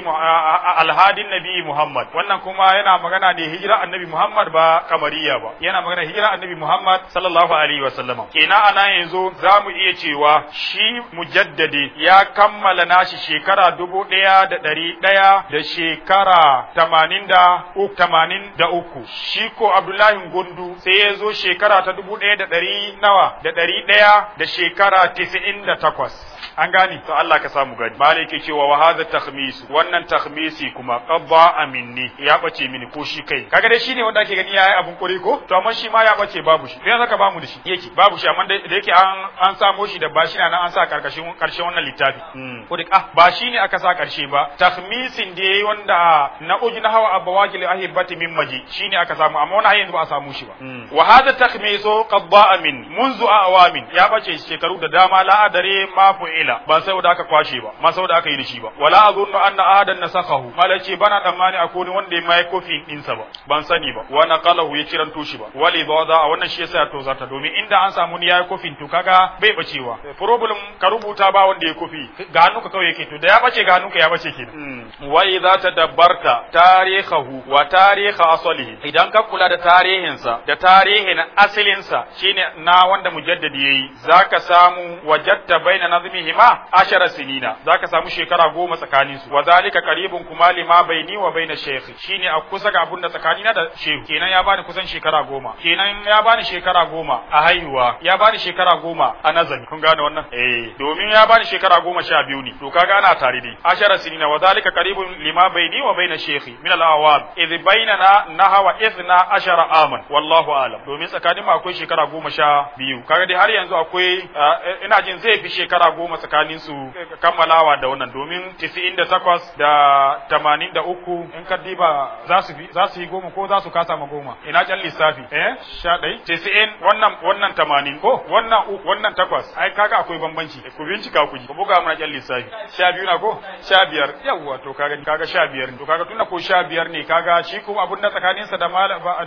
alhadin nabi Muhammad wannan kuma yana magana ne hijira annabi Muhammad ba kamariya ba yana magana hijira annabi Muhammad sallallahu alaihi wa sallama kenan ana yanzu zamu iya cewa shi mujaddadi ya kammala nashi shekara dubu ɗaya da ɗari ɗaya da da shekara tamanin da uku tamanin da uku shi ko Abdullahi Gundu sai ya zo shekara ta dubu ɗaya da ɗari nawa da ɗari ɗaya da shekara tisa'in da takwas an gani to Allah ka samu gani malai cewa wa hadha takhmis wannan takhmisi kuma qadda aminni ya bace mini ko shi kai kaga dai shine wanda ake gani yayi abun kore ko to amma shi ma ya bace babu shi dan zaka bamu da shi yake babu shi amma da yake an an samu shi da bashi nan an sa karkashin karshen wannan littafi mm. ko da ah ba shine aka sa karshe ba takhmisin da yayi wanda na uji na hawa abawakil ahibati min maji shine aka samu amma wannan yanzu ba a samu shi ba mm. wa hadha takhmisu qadda aminni منذ awamin ya bace shekaru da dama la adare ma qila ba saboda aka kwashe ba ma saboda aka yi da shi ba wala azunnu anna ahadan nasakahu malaci bana tsammani akwai wanda ya mai kofi din sa ba ban sani ba wa naqalahu ya kiran toshi ba wali bawza a wannan shi yasa to zata domin inda an samu ni yayi kofin to kaga bai bacewa eh. problem ka rubuta ba wanda ya kofi ga ka kawai yake to da ya bace ga ka ya bace kenan hmm. wa idza tadabbarta tarihahu wa tariha asalihi idan ka kula da tarihinsa da tarihin asalinsa shine na wanda mujaddadi yayi zaka samu Wajatta baina nazmihi ma ashara sinina zaka samu shekara goma tsakanin su wa zalika qaribun kuma lima baini wa baina shaykh shine a kusa ga abunda tsakanina da shehu kenan ya bani kusan shekara goma kenan ya bani shekara goma a haihuwa ya bani shekara goma a nazari kun gane wannan eh domin ya bani shekara goma sha biyu ne to kaga ana tare dai ashara sinina wa zalika qaribun lima baini wa baina shaykh min al-awab idh bainana nahawa ithna ashara aman wallahu a'lam domin tsakanin mu akwai shekara goma sha biyu kaga dai har yanzu akwai ah, ina jin zai fi shekara goma tsakanin su kammalawa da wannan domin 98 da 83 in ka diba za su za su yi goma ko za su kasa ma goma ina kyan lissafi eh sha ɗai 90 wannan wannan 80 ko wannan uku wannan takwas ai kaga akwai bambanci ku bincika ku ji ku buga mana kyan lissafi sha biyu na ko sha biyar yawwa to kaga kaga sha biyar to kaga tunda ko sha biyar ne kaga shi kuma abun da tsakaninsa da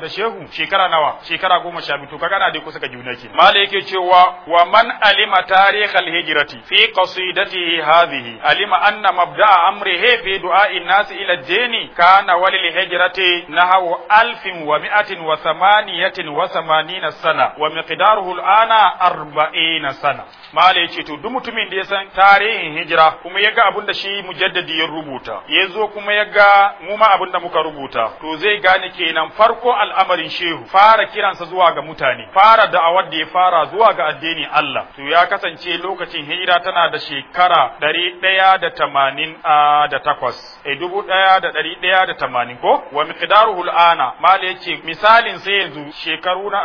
da shehu shekara nawa shekara goma sha biyu to kaga na dai kusa ka juna ke mala yake cewa wa man alima tarihal hijrati fi قصيدته هذه علم أن مبدأ أمره في دعاء الناس إلى الدين كان وللهجرة نحو ألف ومائة وثمانية وثمانين سنة ومقداره الآن أربعين سنة ما ليش تدوم تمين ديسان تاريخ هجرة كما يقع أبونا شيء مجدد يربوتا يزو كما يقع مما أبن مكربوتا توزي غاني كينا فرقو الأمر شيهو فارا كيران سزواغ متاني فارا دعوة دي فارا زواغ الديني الله تو يا كسان شيء لوكا هجرة tana da shekara ɗari ɗaya da tamanin a da takwas e dubu ɗaya da ɗari ɗaya da tamanin ko wa miqdaruhu hul'ana, mala ce misalin sai yanzu shekaru na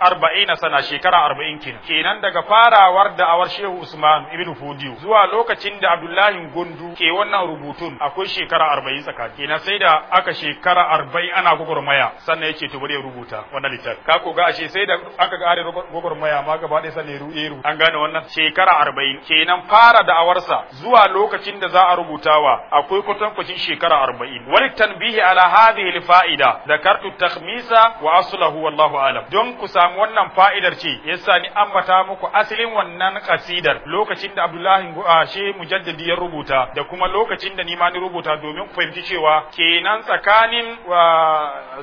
arba'in na sana shekara arba'in kina. kenan daga farawar da awar shehu usman ibn fudiyu zuwa lokacin da abdullahi gundu ke wannan rubutun akwai shekara arba'in tsaka kenan sai da aka shekara arba'in ana gwagwarmaya sannan ce to bari ya rubuta wannan littafi ka ko ga ashe sai da aka ga are gwagwarmaya ma gaba ɗaya sannan ya rubuta an gane wannan shekara arba'in kenan fara da'awarsa zuwa lokacin da za a rubutawa akwai kwatankwacin shekara arba'in wani tanbihi ala hadhihi fa'ida kartu takhmisa wa aslahu wallahu alam don ku samu wannan fa'idar ce yasa ni ambata muku asalin wannan kasidar lokacin da Abdullahi Ashe Mujaddadi ya rubuta da kuma lokacin da ni ma ni rubuta domin ku fahimci cewa kenan tsakanin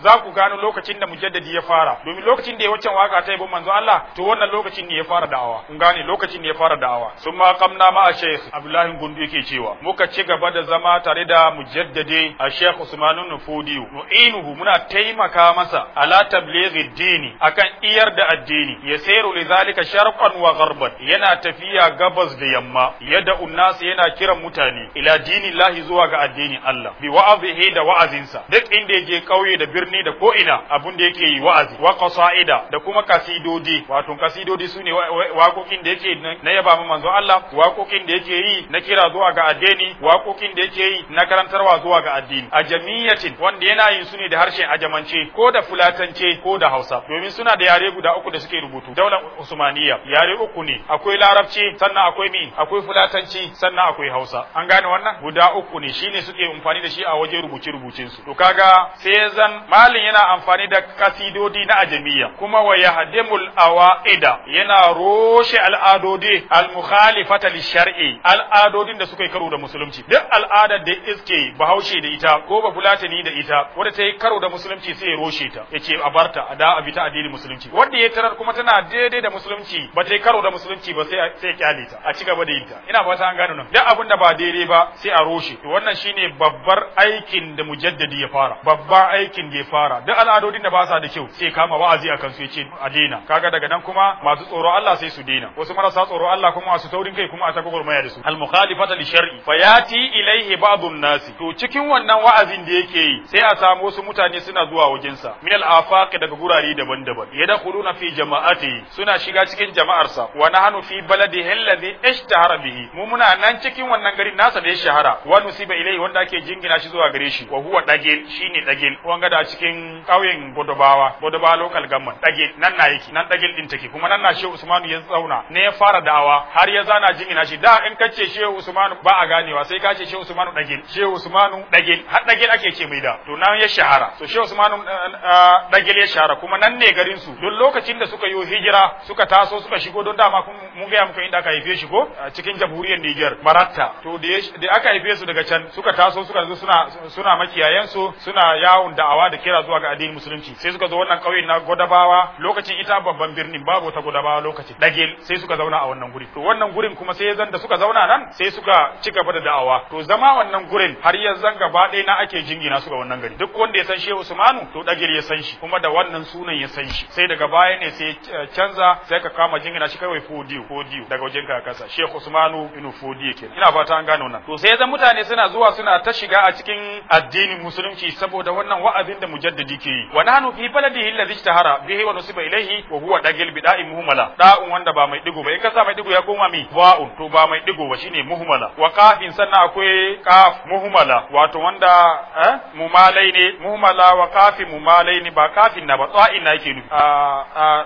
za ku gano lokacin da Mujaddadi ya fara domin lokacin da ya waccan waka ta yabo manzo Allah to wannan lokacin ne ya fara da'awa kun lokacin ne ya fara da'awa ma kamna ma a عبد abdullahi gundu yake cewa muka ci gaba da zama tare da mujaddade a Sheikh usmanu Nufudiyu inuhu muna taimaka masa ala tablighi dini akan iyar da addini yasiru lidhalika sharqan wa gharban yana tafiya gabas da yamma yada unnas yana kiran mutane ila dini lahi zuwa ga addini Allah bi wa'azihi da wa'azinsa duk inda yake kauye da birni da ko ina abun da yake yi wa'azi wa qasaida da kuma kasidodi wato kasidodi sune waƙoƙin da yake na yaba manzo Allah waƙoƙin da yake yi na kira zuwa ga addini waƙoƙin da yake yi na karantarwa zuwa ga addini a jami'atin wanda yana yin su ne da harshen ajamance ko da fulatance ko da Hausa domin suna da yare guda uku da suke rubutu daular Usmaniya yare uku ne akwai Larabci sannan akwai mi akwai fulatanci sannan akwai Hausa an gane wannan guda uku ne shine suke amfani da shi a waje rubuce rubucin su to kaga sai zan malin yana amfani da kasidodi na ajamiyya kuma wa yahdimul awaida yana roshe al'adodi al-mukhali mukhalifata li shar'i al'adodin da suka yi karo da musulunci duk al'adar da iske bahaushe da ita ko ba fulatani da ita wanda ta yi karo da musulunci sai ya roshe ta yace a barta a da a bi ta addinin musulunci wanda ya tarar kuma tana daidai da musulunci ba ta yi karo da musulunci ba sai sai kyale ta a ci gaba da yin ta ina fata an gano nan duk abin da ba daidai ba sai a roshe to wannan shine babbar aikin da mujaddadi ya fara babbar aikin da ya fara duk al'adodin da ba sa da kyau sai kama wa'azi akan su yace a daina kaga daga nan kuma masu tsoro Allah sai su daina wasu marasa tsoro Allah kuma su saurin kai kuma a ta gwagwarmaya da su al mukhalifata li shar'i fa yati ilaihi an nasi to cikin wannan wa'azin da yake yi sai a samu wasu mutane suna zuwa wajensa min al afaq daga gurare daban-daban yadkhuluna fi jama'ati suna shiga cikin jama'ar sa. wa nahnu fi baladi alladhi ishtahara bihi mu muna nan cikin wannan garin nasa da ya shahara wa nusiba ilaihi wanda ake jingina shi zuwa gare shi wa huwa dagil shine dagil wanga da cikin kauyen Bodobawa Bodobawa local government dagil nan na yake nan dagil din take kuma nan na Shehu Usmanu ya zauna ne ya fara dawa har ya kaza na ina shi da in kace shehu usmanu ba a ganewa sai kace shehu usmanu dagil shehu usmanu dagil har dagil ake ce mai da to nan ya shahara to shehu usmanu eh, eh, dagil ya shahara kuma nan ne garin su don lokacin da suka yi hijira suka taso suka shigo don dama kun mun ga muku inda aka haife shi ko cikin jamhuriyar Niger Maratta to da da aka haife su daga can suka taso suka zo suna suna makiyayen su suna yawon da'awa da kira zuwa ga addinin musulunci sai suka zo wannan kauye na Godabawa lokacin ita babban birnin babu ta Godabawa lokacin dagil sai suka zauna a wannan guri to wannan gurin kuma sai ya zan da suka zauna nan sai suka ci gaba da da'awa to zama wannan gurin har ya zan gaba ɗaya na ake jingina su ga wannan gari duk wanda ya san Shehu Usmanu to dagir ya san shi kuma da wannan sunan ya san shi sai daga baya ne sai canza sai ka kama jingina shi kawai Fodiyo Fodiyo daga wajen ka kasa Shehu Usmanu ibn Fodiyo kenan ina fata an gano nan to sai zan mutane suna zuwa suna ta shiga a cikin addinin musulunci saboda wannan wa'azin da mujaddidi ke yi wa nahnu fi baladihi alladhi ishtahara bihi wa nusiba ilayhi wa huwa dagil bida'i muhmala da'un wanda ba mai digo ba in ka sa mai digo ya koma mi misali to ba mai digo ba shine muhmala wa kafin sannan akwai kaf muhmala wato wanda eh mumalai ne muhmala wa kafin mumalai ne ba kafin na ba tsa'in na yake nufi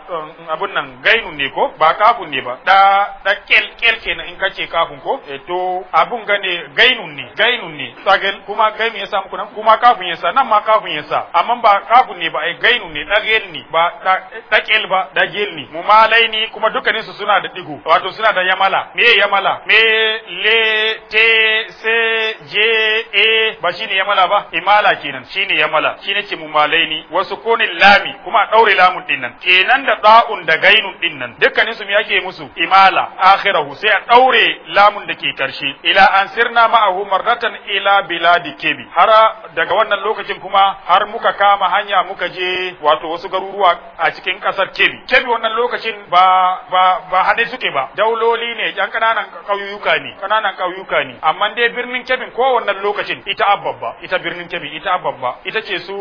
um, abun nan gainun ne ko ba kafun ne ba da da kel kel kenan in kace kafun ko eh to abun gane gainun ne gainun ne tsagel kuma gainun ya samu nan kuma ya sa nan ma ya sa amma ba kafun ne ba ai gainun ne dagel ne ba kel ba dagel ne mumalai ne kuma su suna da digo wato suna da yama mala me ya me le te se je e ba shine yamala ba imala kenan shine ya mala shine ce ni wasu konin lami kuma a daure lamun din nan kenan da da'un da gainun din nan dukkanin su me yake musu imala akhirahu sai a daure lamun da ke karshe ila an sirna ma'ahu marratan ila biladi kebi har daga wannan lokacin kuma har muka kama hanya muka je wato wasu garuruwa a cikin kasar kebi kebi wannan lokacin ba ba ba hade suke ba dauloli ne yan kananan kauyuka ne kananan kauyuka ne amma dai birnin kebin ko wannan lokacin ita ababba ita birnin kebin ita ababba ita ce su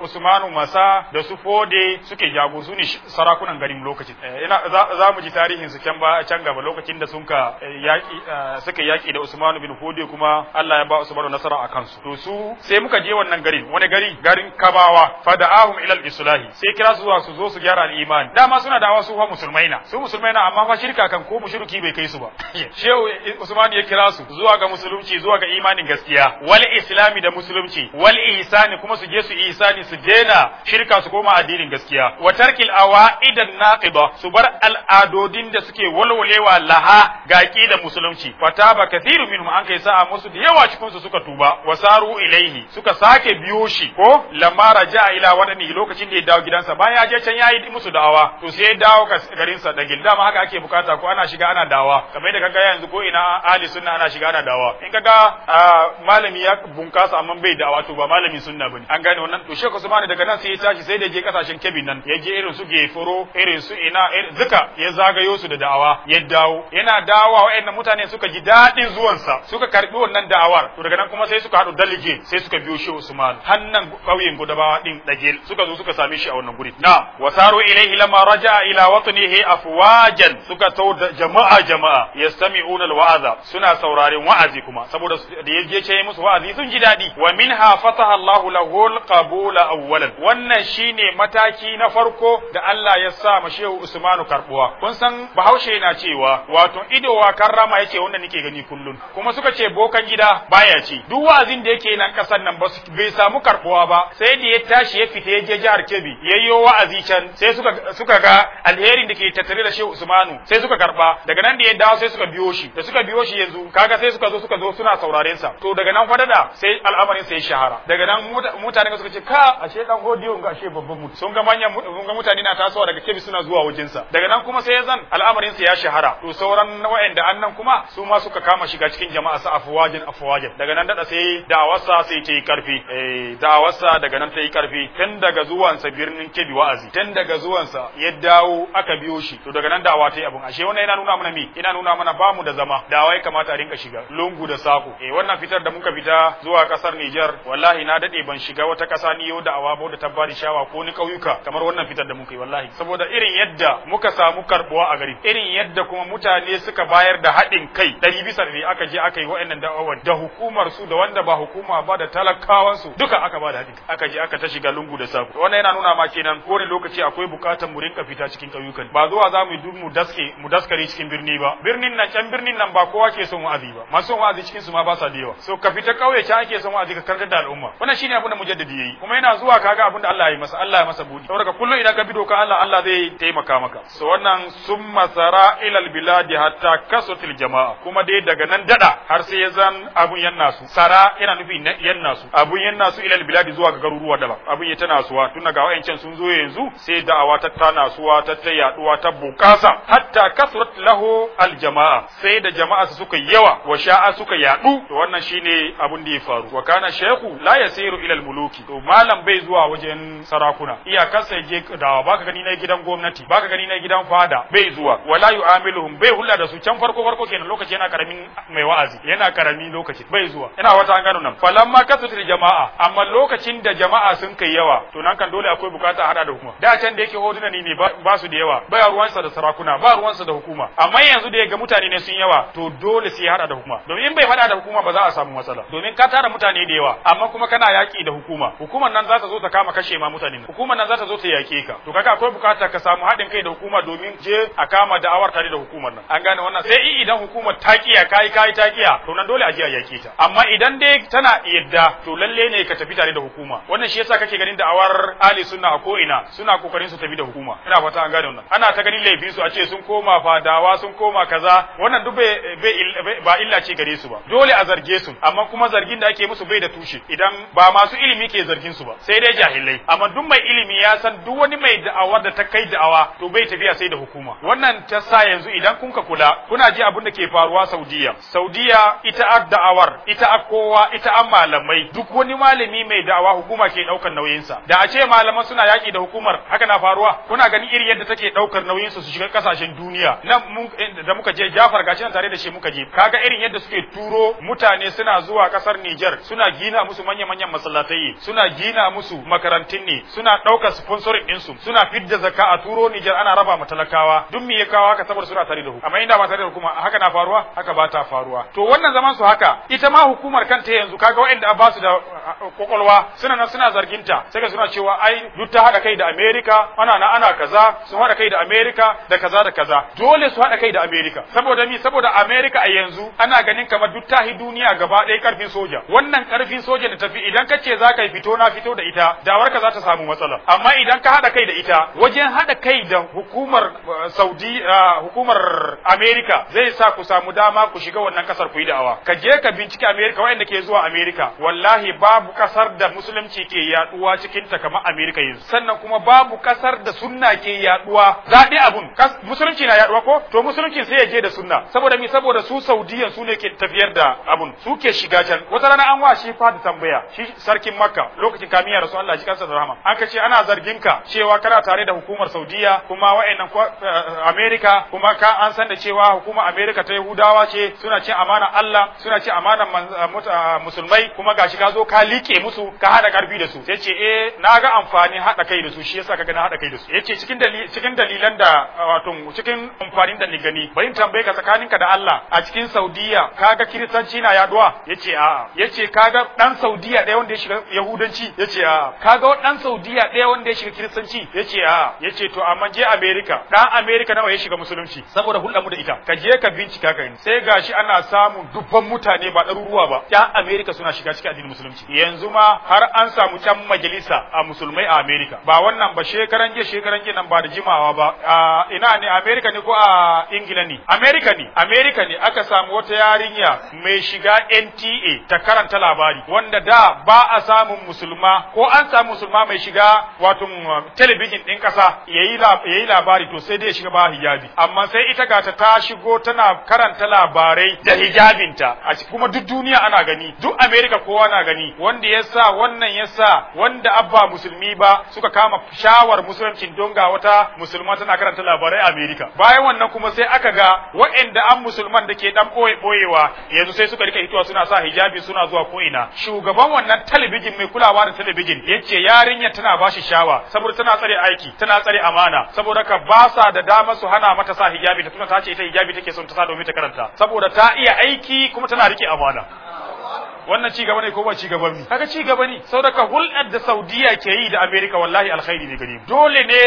Usmanu Masa da su Fode suke jago su ne sarakunan garin lokacin eh, ina za mu ji tarihin su can ba can gaba lokacin da sun ka eh, yaki eh, suka yaki da Usmanu bin Fode kuma Allah ya ba su Usmanu nasara a kansu to su sai muka je wannan garin wani gari garin Kabawa fada'ahum ilal islahi sai kira su zuwa su zo su gyara al'imani dama suna da'awa su fa musulmai na su musulmai na amma fa shirka kan ko mushriki bai kai su ba shehu usman ya kira su zuwa ga musulunci zuwa ga imanin gaskiya wal islami da musulunci wal ihsani kuma su je su ihsani su dena shirka su koma addinin gaskiya wa tarkil awaidan naqida su bar al'adodin da suke walwalewa laha ga da musulunci fataba kathiru minhum an kai sa'a musu da yawa cikin su suka tuba wasaru ilaihi suka sake biyo shi ko lamma ja ila wadani lokacin da ya dawo gidansa bayan ya je can yayi musu da'awa to sai ya dawo garinsa da gilda haka ake bukata ko ana shiga ana dawa. dawa kamar da kaga yanzu ko ina ahli sunna ana shiga ana dawa in kaga malami ya bunkasa amma bai da to ba malamin sunna bane an gane wannan to Sheikh Usman daga nan sai ya tashi sai da je kasashen kebin nan ya je irin su Geforo irin su ina zuka ya zagayo su da da'awa ya dawo yana dawa waɗanda mutane suka ji daɗin zuwansa suka karbi wannan da'awar to daga nan kuma sai suka haɗu dalige sai suka biyo shi Usman hannan ƙauyen Gudabawa din dagel suka zo suka same shi a wannan guri na wasaru ilaihi lamma raja ila watnihi afwajan suka tau jama'a jama'a yastami'una alwa'aza suna sauraren wa'azi kuma saboda da yaje ce musu wa'azi sun ji dadi wa minha fataha Allahu lahul qabula awwalan wannan shine mataki na farko da Allah ya sa ma Shehu Usmanu karbuwa kun san Bahaushe yana cewa wato ido wa karrama yace wannan nake gani kullun kuma suka ce bokan gida baya ci duk wa'azin da yake nan kasar nan ba bai samu karbuwa ba sai da ya tashi ya fita ya je jihar Kebbi yayyo wa'azi can sai suka suka ga alherin da ke tattare da Shehu Usmanu sai suka karba daga nan ya dawo sai suka biyo shi da suka biyo shi yanzu kaga sai suka zo suka zo suna sauraren sa to daga nan fadada sai al'amarin sai shahara daga nan mutane suka ce ka ashe dan hodiyon ga ashe babban mutum sun ga manyan mun ga mutane na tasowa daga kebi suna zuwa wajen sa daga nan kuma sai zan al'amarin sa ya shahara to sauran wa'anda annan kuma su ma suka kama shiga cikin jama'a sa afwajin afwajin daga nan dada sai da'awarsa sai ta yi karfi eh da'awarsa daga nan ta yi karfi tun daga zuwansa birnin kebi wa'azi tun daga zuwansa ya dawo aka biyo shi to daga nan da'awa ta yi abun ashe wannan yana nuna mana mi ina nuna mana ba mu da zama da wai kamata a rinka shiga lungu da sako eh wannan fitar da muka fita zuwa kasar Niger wallahi na dade ban shiga wata kasa ni yau da awabo da tabbari shawa ko ni kauyuka kamar wannan fitar da muka yi wallahi saboda irin yadda muka samu karbuwa a gari irin yadda kuma mutane suka bayar da haɗin kai ɗari bisa ne aka je aka yi wa'annan da'awan da hukumar su da wanda ba hukuma ba da talakawan su duka aka ba da haɗin aka je aka ta shiga lungu da sako wannan yana nuna ma kenan kowane lokaci akwai bukatar mu rinka fita cikin kauyukan ba zuwa za mu yi mu daske mu daskare cikin birni ba birnin nan can birnin nan ba kowa ke son wa'azi ba masu son wa'azi cikin su ma ba sa da yawa so ka fita kauye can ake son wa'azi ka karantar da al'umma wannan shine abin da mujaddidi yayi kuma yana zuwa kaga abin da Allah ya masa Allah ya masa budi saboda kullum idan ka bi doka Allah Allah zai taimaka maka so wannan summa sara ila biladi hatta kasatil jama'a kuma dai daga nan dada har sai ya zan abun yanna su sara yana nufi yanna su abun yanna su ila biladi zuwa ga garuruwa daban abun ya tana suwa tun daga wayancan sun zo yanzu sai da'awa ta tana suwa ta ta yaduwa ta bukasa hatta kasurat lahu aljama'a sai da jama'a su suka yawa wa sha'a suka yadu to wannan shine abun da ya faru wa kana shaykhu la yasiru ila almuluki to malam bai zuwa wajen sarakuna iya iyakarsa je da baka gani na gidan gwamnati baka gani na gidan fada bai zuwa wala yu'amiluhum bai hulla da su can farko farko kenan lokaci yana karamin mai wa'azi yana karami lokaci bai zuwa ina wata an gano nan falamma kasatul jama'a amma lokacin da jama'a sun kai yawa to nan kan dole akwai bukata a hada da hukuma da can da yake hotuna ne ba su da yawa ba ruwansa da sarakuna ba ruwansa da hukuma amma yanzu da ga mutane ne sun yawa to dole sai ya hada da hukuma domin in bai hada da hukuma ba za a samu matsala domin ka tara mutane da yawa amma kuma kana yaki da hukuma hukumar nan za ta zo ta kama kashe ma mutane hukumar nan za ta zo ta yake ka to kaga akwai bukatar ka samu haɗin kai da hukuma domin je a kama da awar tare da hukumar nan an gane wannan sai idan hukumar ta kiya kai kai ta kiya to nan dole a je a yake ta amma idan dai tana yadda to lalle ne ka tafi tare da hukuma wannan shi yasa kake ganin da awar ali sunna a ko ina suna kokarin su tafi da hukuma ina fata an gane wannan ana ta ganin laifin su a ce sun koma fadawa sun koma kaza wannan duk bai ba illa ce gare su ba dole a zarge su amma kuma zargin da ake musu bai da tushe idan ba masu ilimi ke zargin su ba sai dai jahilai amma duk mai ilimi ya san duk wani mai da'awa da ta kai da'awa to bai tafiya sai da hukuma wannan ta sa yanzu idan kun ka kula kuna ji abin da ke faruwa Saudiya Saudiya ita ak da'awar ita ak kowa ita an malamai duk wani malami mai da'awa hukuma ke daukar nauyinsa da a ce malaman suna yaki da hukumar haka na faruwa kuna gani iri yadda take daukar nauyinsa su shiga kasashen duniya nan mun eh, da muka je Jafar gashi nan tare da shi muka je kaga irin yadda suke turo mutane suna zuwa kasar Niger suna gina musu manyan manyan masallatai suna gina musu makarantun ne suna ɗaukar sponsorin ɗinsu suna fidda zakka a turo Niger ana raba ma talakawa duk me ya kawo haka saboda suna tare da hukuma amma inda ba tare da hukuma haka na faruwa haka ba ta faruwa to wannan zaman su haka ita ma hukumar kanta yanzu kaga waɗanda ba su da kokolwa suna nan suna zarginta sai ga suna cewa ai duk ta haɗa kai da America ana na ana kaza su haɗa kai da America da kaza da kaza dole su haɗa kai da America saboda mi saboda america a yanzu ana ganin kamar duk tahi duniya gaba ɗaya karfin soja wannan karfin soja da tafi idan kace za ka fito na fito da ita dawar ka za ta samu matsala amma idan ka haɗa kai da ita wajen haɗa kai da hukumar uh, Saudi uh, hukumar america zai sa ku samu dama ku shiga wannan kasar ku yi da'awa ka je ka bincike america wayanda ke zuwa america wallahi babu kasar da musulunci ke yaduwa cikin ta kamar America yanzu sannan kuma babu kasar da sunna ke yaduwa abun musulunci na yaduwa ko to musulunci aikin sai ya je da sunna saboda mi saboda su saudiya su ne ke tafiyar da abun su ke shiga can wata rana an washe fadi tambaya shi sarkin makka lokacin kamiya rasu Allah shi kansa da rahama an ka ce ana zargin ka cewa kana tare da hukumar saudiya kuma wa'annan eh, america kuma ka an san da cewa hukuma america ta yahudawa ce suna cin amana Allah suna cin amana eh, eh, musulmai kuma gashi ka zo ka like musu ka hada karfi da su sai ce eh na ga amfani hada kai da su shi yasa ka gani haɗa kai da su yace cikin cikin dalilan da wato cikin amfanin da ni gani musulmi tambaye ka tsakaninka da Allah a cikin Saudiya kaga kiristanci na yaduwa yace a'a yace kaga dan Saudiya ɗaya wanda ya shiga yahudanci yace a'a kaga dan Saudiya ɗaya wanda ya shiga kiristanci yace a'a yace to amma je America dan Amerika nawa ya shiga musulunci saboda hulɗa mu da ita ka je ka bincika ka sai gashi ana samun dubban mutane ba ɗaruruwa ba yan America suna shiga cikin addinin musulunci yanzu ma har an samu can majalisa a musulmai a America ba wannan ba shekaran jiya shekaran jiya nan ba da jimawa ba ina ne America ne ko a ingila ne Amerika ne Amerika ne aka samu wata yarinya mai shiga nta ta karanta labari wanda da ba a samun musulma ko an samu musulma mai shiga wato um, talabijin ɗin ƙasa yayi yi labari to sai dai shiga ba hijabi amma sai ita ga ta ta shigo tana karanta labarai da hijabinta a kuma duk duniya ana gani duk Amerika kowa na gani wanda yasa wannan yasa wanda abba musulmi ba suka kama shawar musulmancin don ga wata musulma tana karanta labarai a Amerika. bayan wannan kuma sai aka ga waɗanda an musulman da ke dan boye boyewa yanzu sai suka rika hituwa suna sa hijabi suna zuwa ko ina shugaban wannan talabijin mai kulawa da talabijin yace yarinya tana ba shi shawa saboda tana tsare aiki tana tsare amana saboda ka ba sa da dama su hana mata sa hijabi ta tuna ta ce ita hijabi take son ta sa domin ta karanta saboda ta iya aiki kuma tana rike amana wannan ci gaba ne ko ba ci gaba ne kaga ci gaba ne saboda hulɗar da Saudiya ke yi da Amerika wallahi alkhairi ne gare dole ne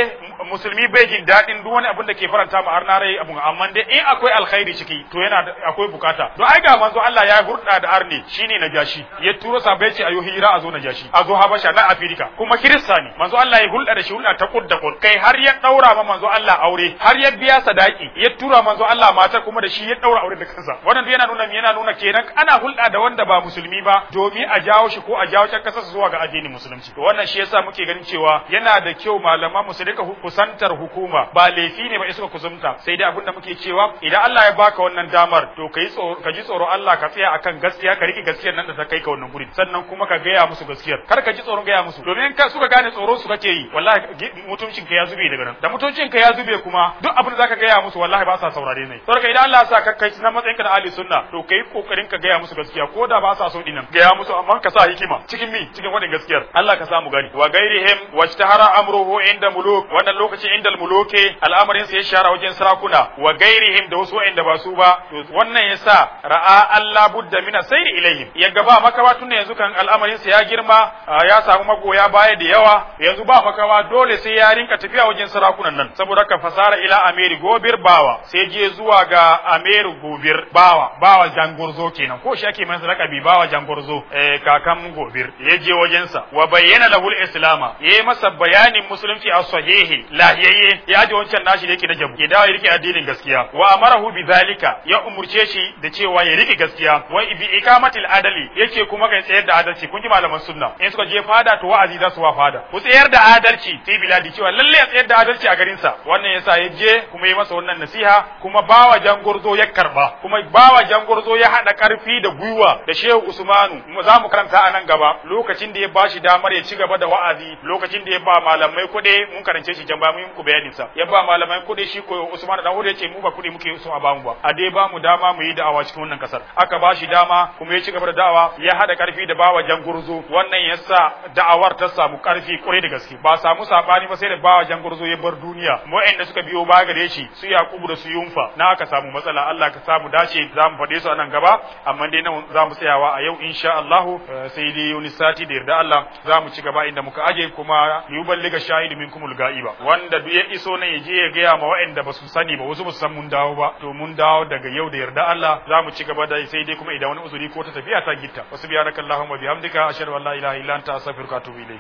musulmi bai jin daɗin duk wani abin da ke faranta mu har na rai abun amma dai in akwai alkhairi ciki to yana akwai bukata don ai ga manzo Allah ya hurɗa da ne shine jashi. ya turo sabai ce ayo hira a zo jashi. a zo habasha na Afirka kuma kirista ne manzo Allah ya hulɗa da shi hulɗa ta kudda kai har ya daura ma manzo Allah aure har ya biya sadaki ya tura manzo Allah mata kuma da shi ya daura aure da kansa wannan yana nuna yana nuna kenan ana hulɗa da wanda ba musulmi musulmi ba domin a jawo shi ko a jawo can kasar zuwa ga addinin musulunci to wannan shi yasa muke ganin cewa yana da kyau malaman mu su rika kusantar hukuma ba laifi ne ba ka kusumta sai dai abinda muke cewa idan Allah ya baka wannan damar to kai tsoro ka ji tsoro Allah ka tsaya akan gaskiya ka rike gaskiyar nan da ta kai ka wannan gurin sannan kuma ka gaya musu gaskiyar kar ka ji tsoron gaya musu domin ka suka gane tsoro su kake yi wallahi mutuncin ka ya zube daga nan da mutuncin ka ya zube kuma duk abin da zaka gaya musu wallahi ba sa saurare ne saboda idan Allah ya sa ka kai na matsayinka na ahli sunna to kai kokarin ka gaya musu gaskiya ko da ba sa so dinan gaya musu amma ka sa hikima cikin mi cikin wadin gaskiyar Allah ka samu gani wa gairihim wajtahara amruhu inda muluk wannan lokacin inda muluke al'amarin sa ya shara wajen sarakuna wa gairihim da wasu inda ba su ba wannan yasa ra'a Allah budda mina sayri ilaihim ya gaba makawa tun yanzu kan al'amarin sa ya girma ya samu magoya baya da yawa yanzu ba makawa dole sai ya rinka tafiya wajen sarakunan nan saboda ka fasara ila amiri gobir bawa sai je zuwa ga amiri gobir bawa bawa jangurzo kenan ko shi ake mai sadaka bawa jangorzo eh kakan gobir ya je sa wa bayyana lahul islama ya yi masa bayanin musulunci a sahihi lahiyayye ya ji wancan nashi da yake da jabu ya dawo ya rike addinin gaskiya wa amarahu bi zalika ya umurce shi da cewa ya rike gaskiya wa bi ikamatil adali yake kuma kai tsayar da adalci kun ji malaman sunna in suka je fada to wa'azi za su wa fada ku tsayar da adalci fi biladi cewa lalle tsayar da adalci a garin sa wannan yasa ya je kuma ya masa wannan nasiha kuma bawa jangorzo ya karba kuma bawa jangorzo ya hada karfi da gwiwa da shehu Usmanu za mu karanta a nan gaba lokacin da ya ba shi damar ya ci gaba da wa'azi lokacin da ya ba malamai kuɗi mun karance shi jan mun ku bayanin sa ya ba malamai kuɗi shi ko Usmanu dan ya ce mu ba kuɗi muke so a ba mu ba a dai ba mu dama mu yi da'awa cikin wannan kasar aka ba shi dama kuma ya ci gaba da da'awa ya hada karfi da bawa jangurzo wannan ya sa da'awar ta samu karfi kwarai da gaske ba samu sabani ba sai da bawa jangurzo ya bar duniya mu'ayin inda suka biyo ba gare shi su Yakubu da su Yunfa na aka samu matsala Allah ka samu dace za mu faɗe su a gaba amma dai nan za tsayawa a yau in sha allahu sai dai wani sati da yarda Allah za mu ci gaba inda muka aje kuma yi shahidi min kumul ga'iba wanda duk ya iso nan ya je ya gaya ma wa'anda ba su sani ba wasu ba san mun dawo ba to mun dawo daga yau da yarda Allah za mu ci gaba da sai dai kuma idan wani uzuri ko ta tafiya ta gitta wasu biya na wa bihamdika ashhadu an la ilaha illa anta astaghfiruka wa atubu ilayk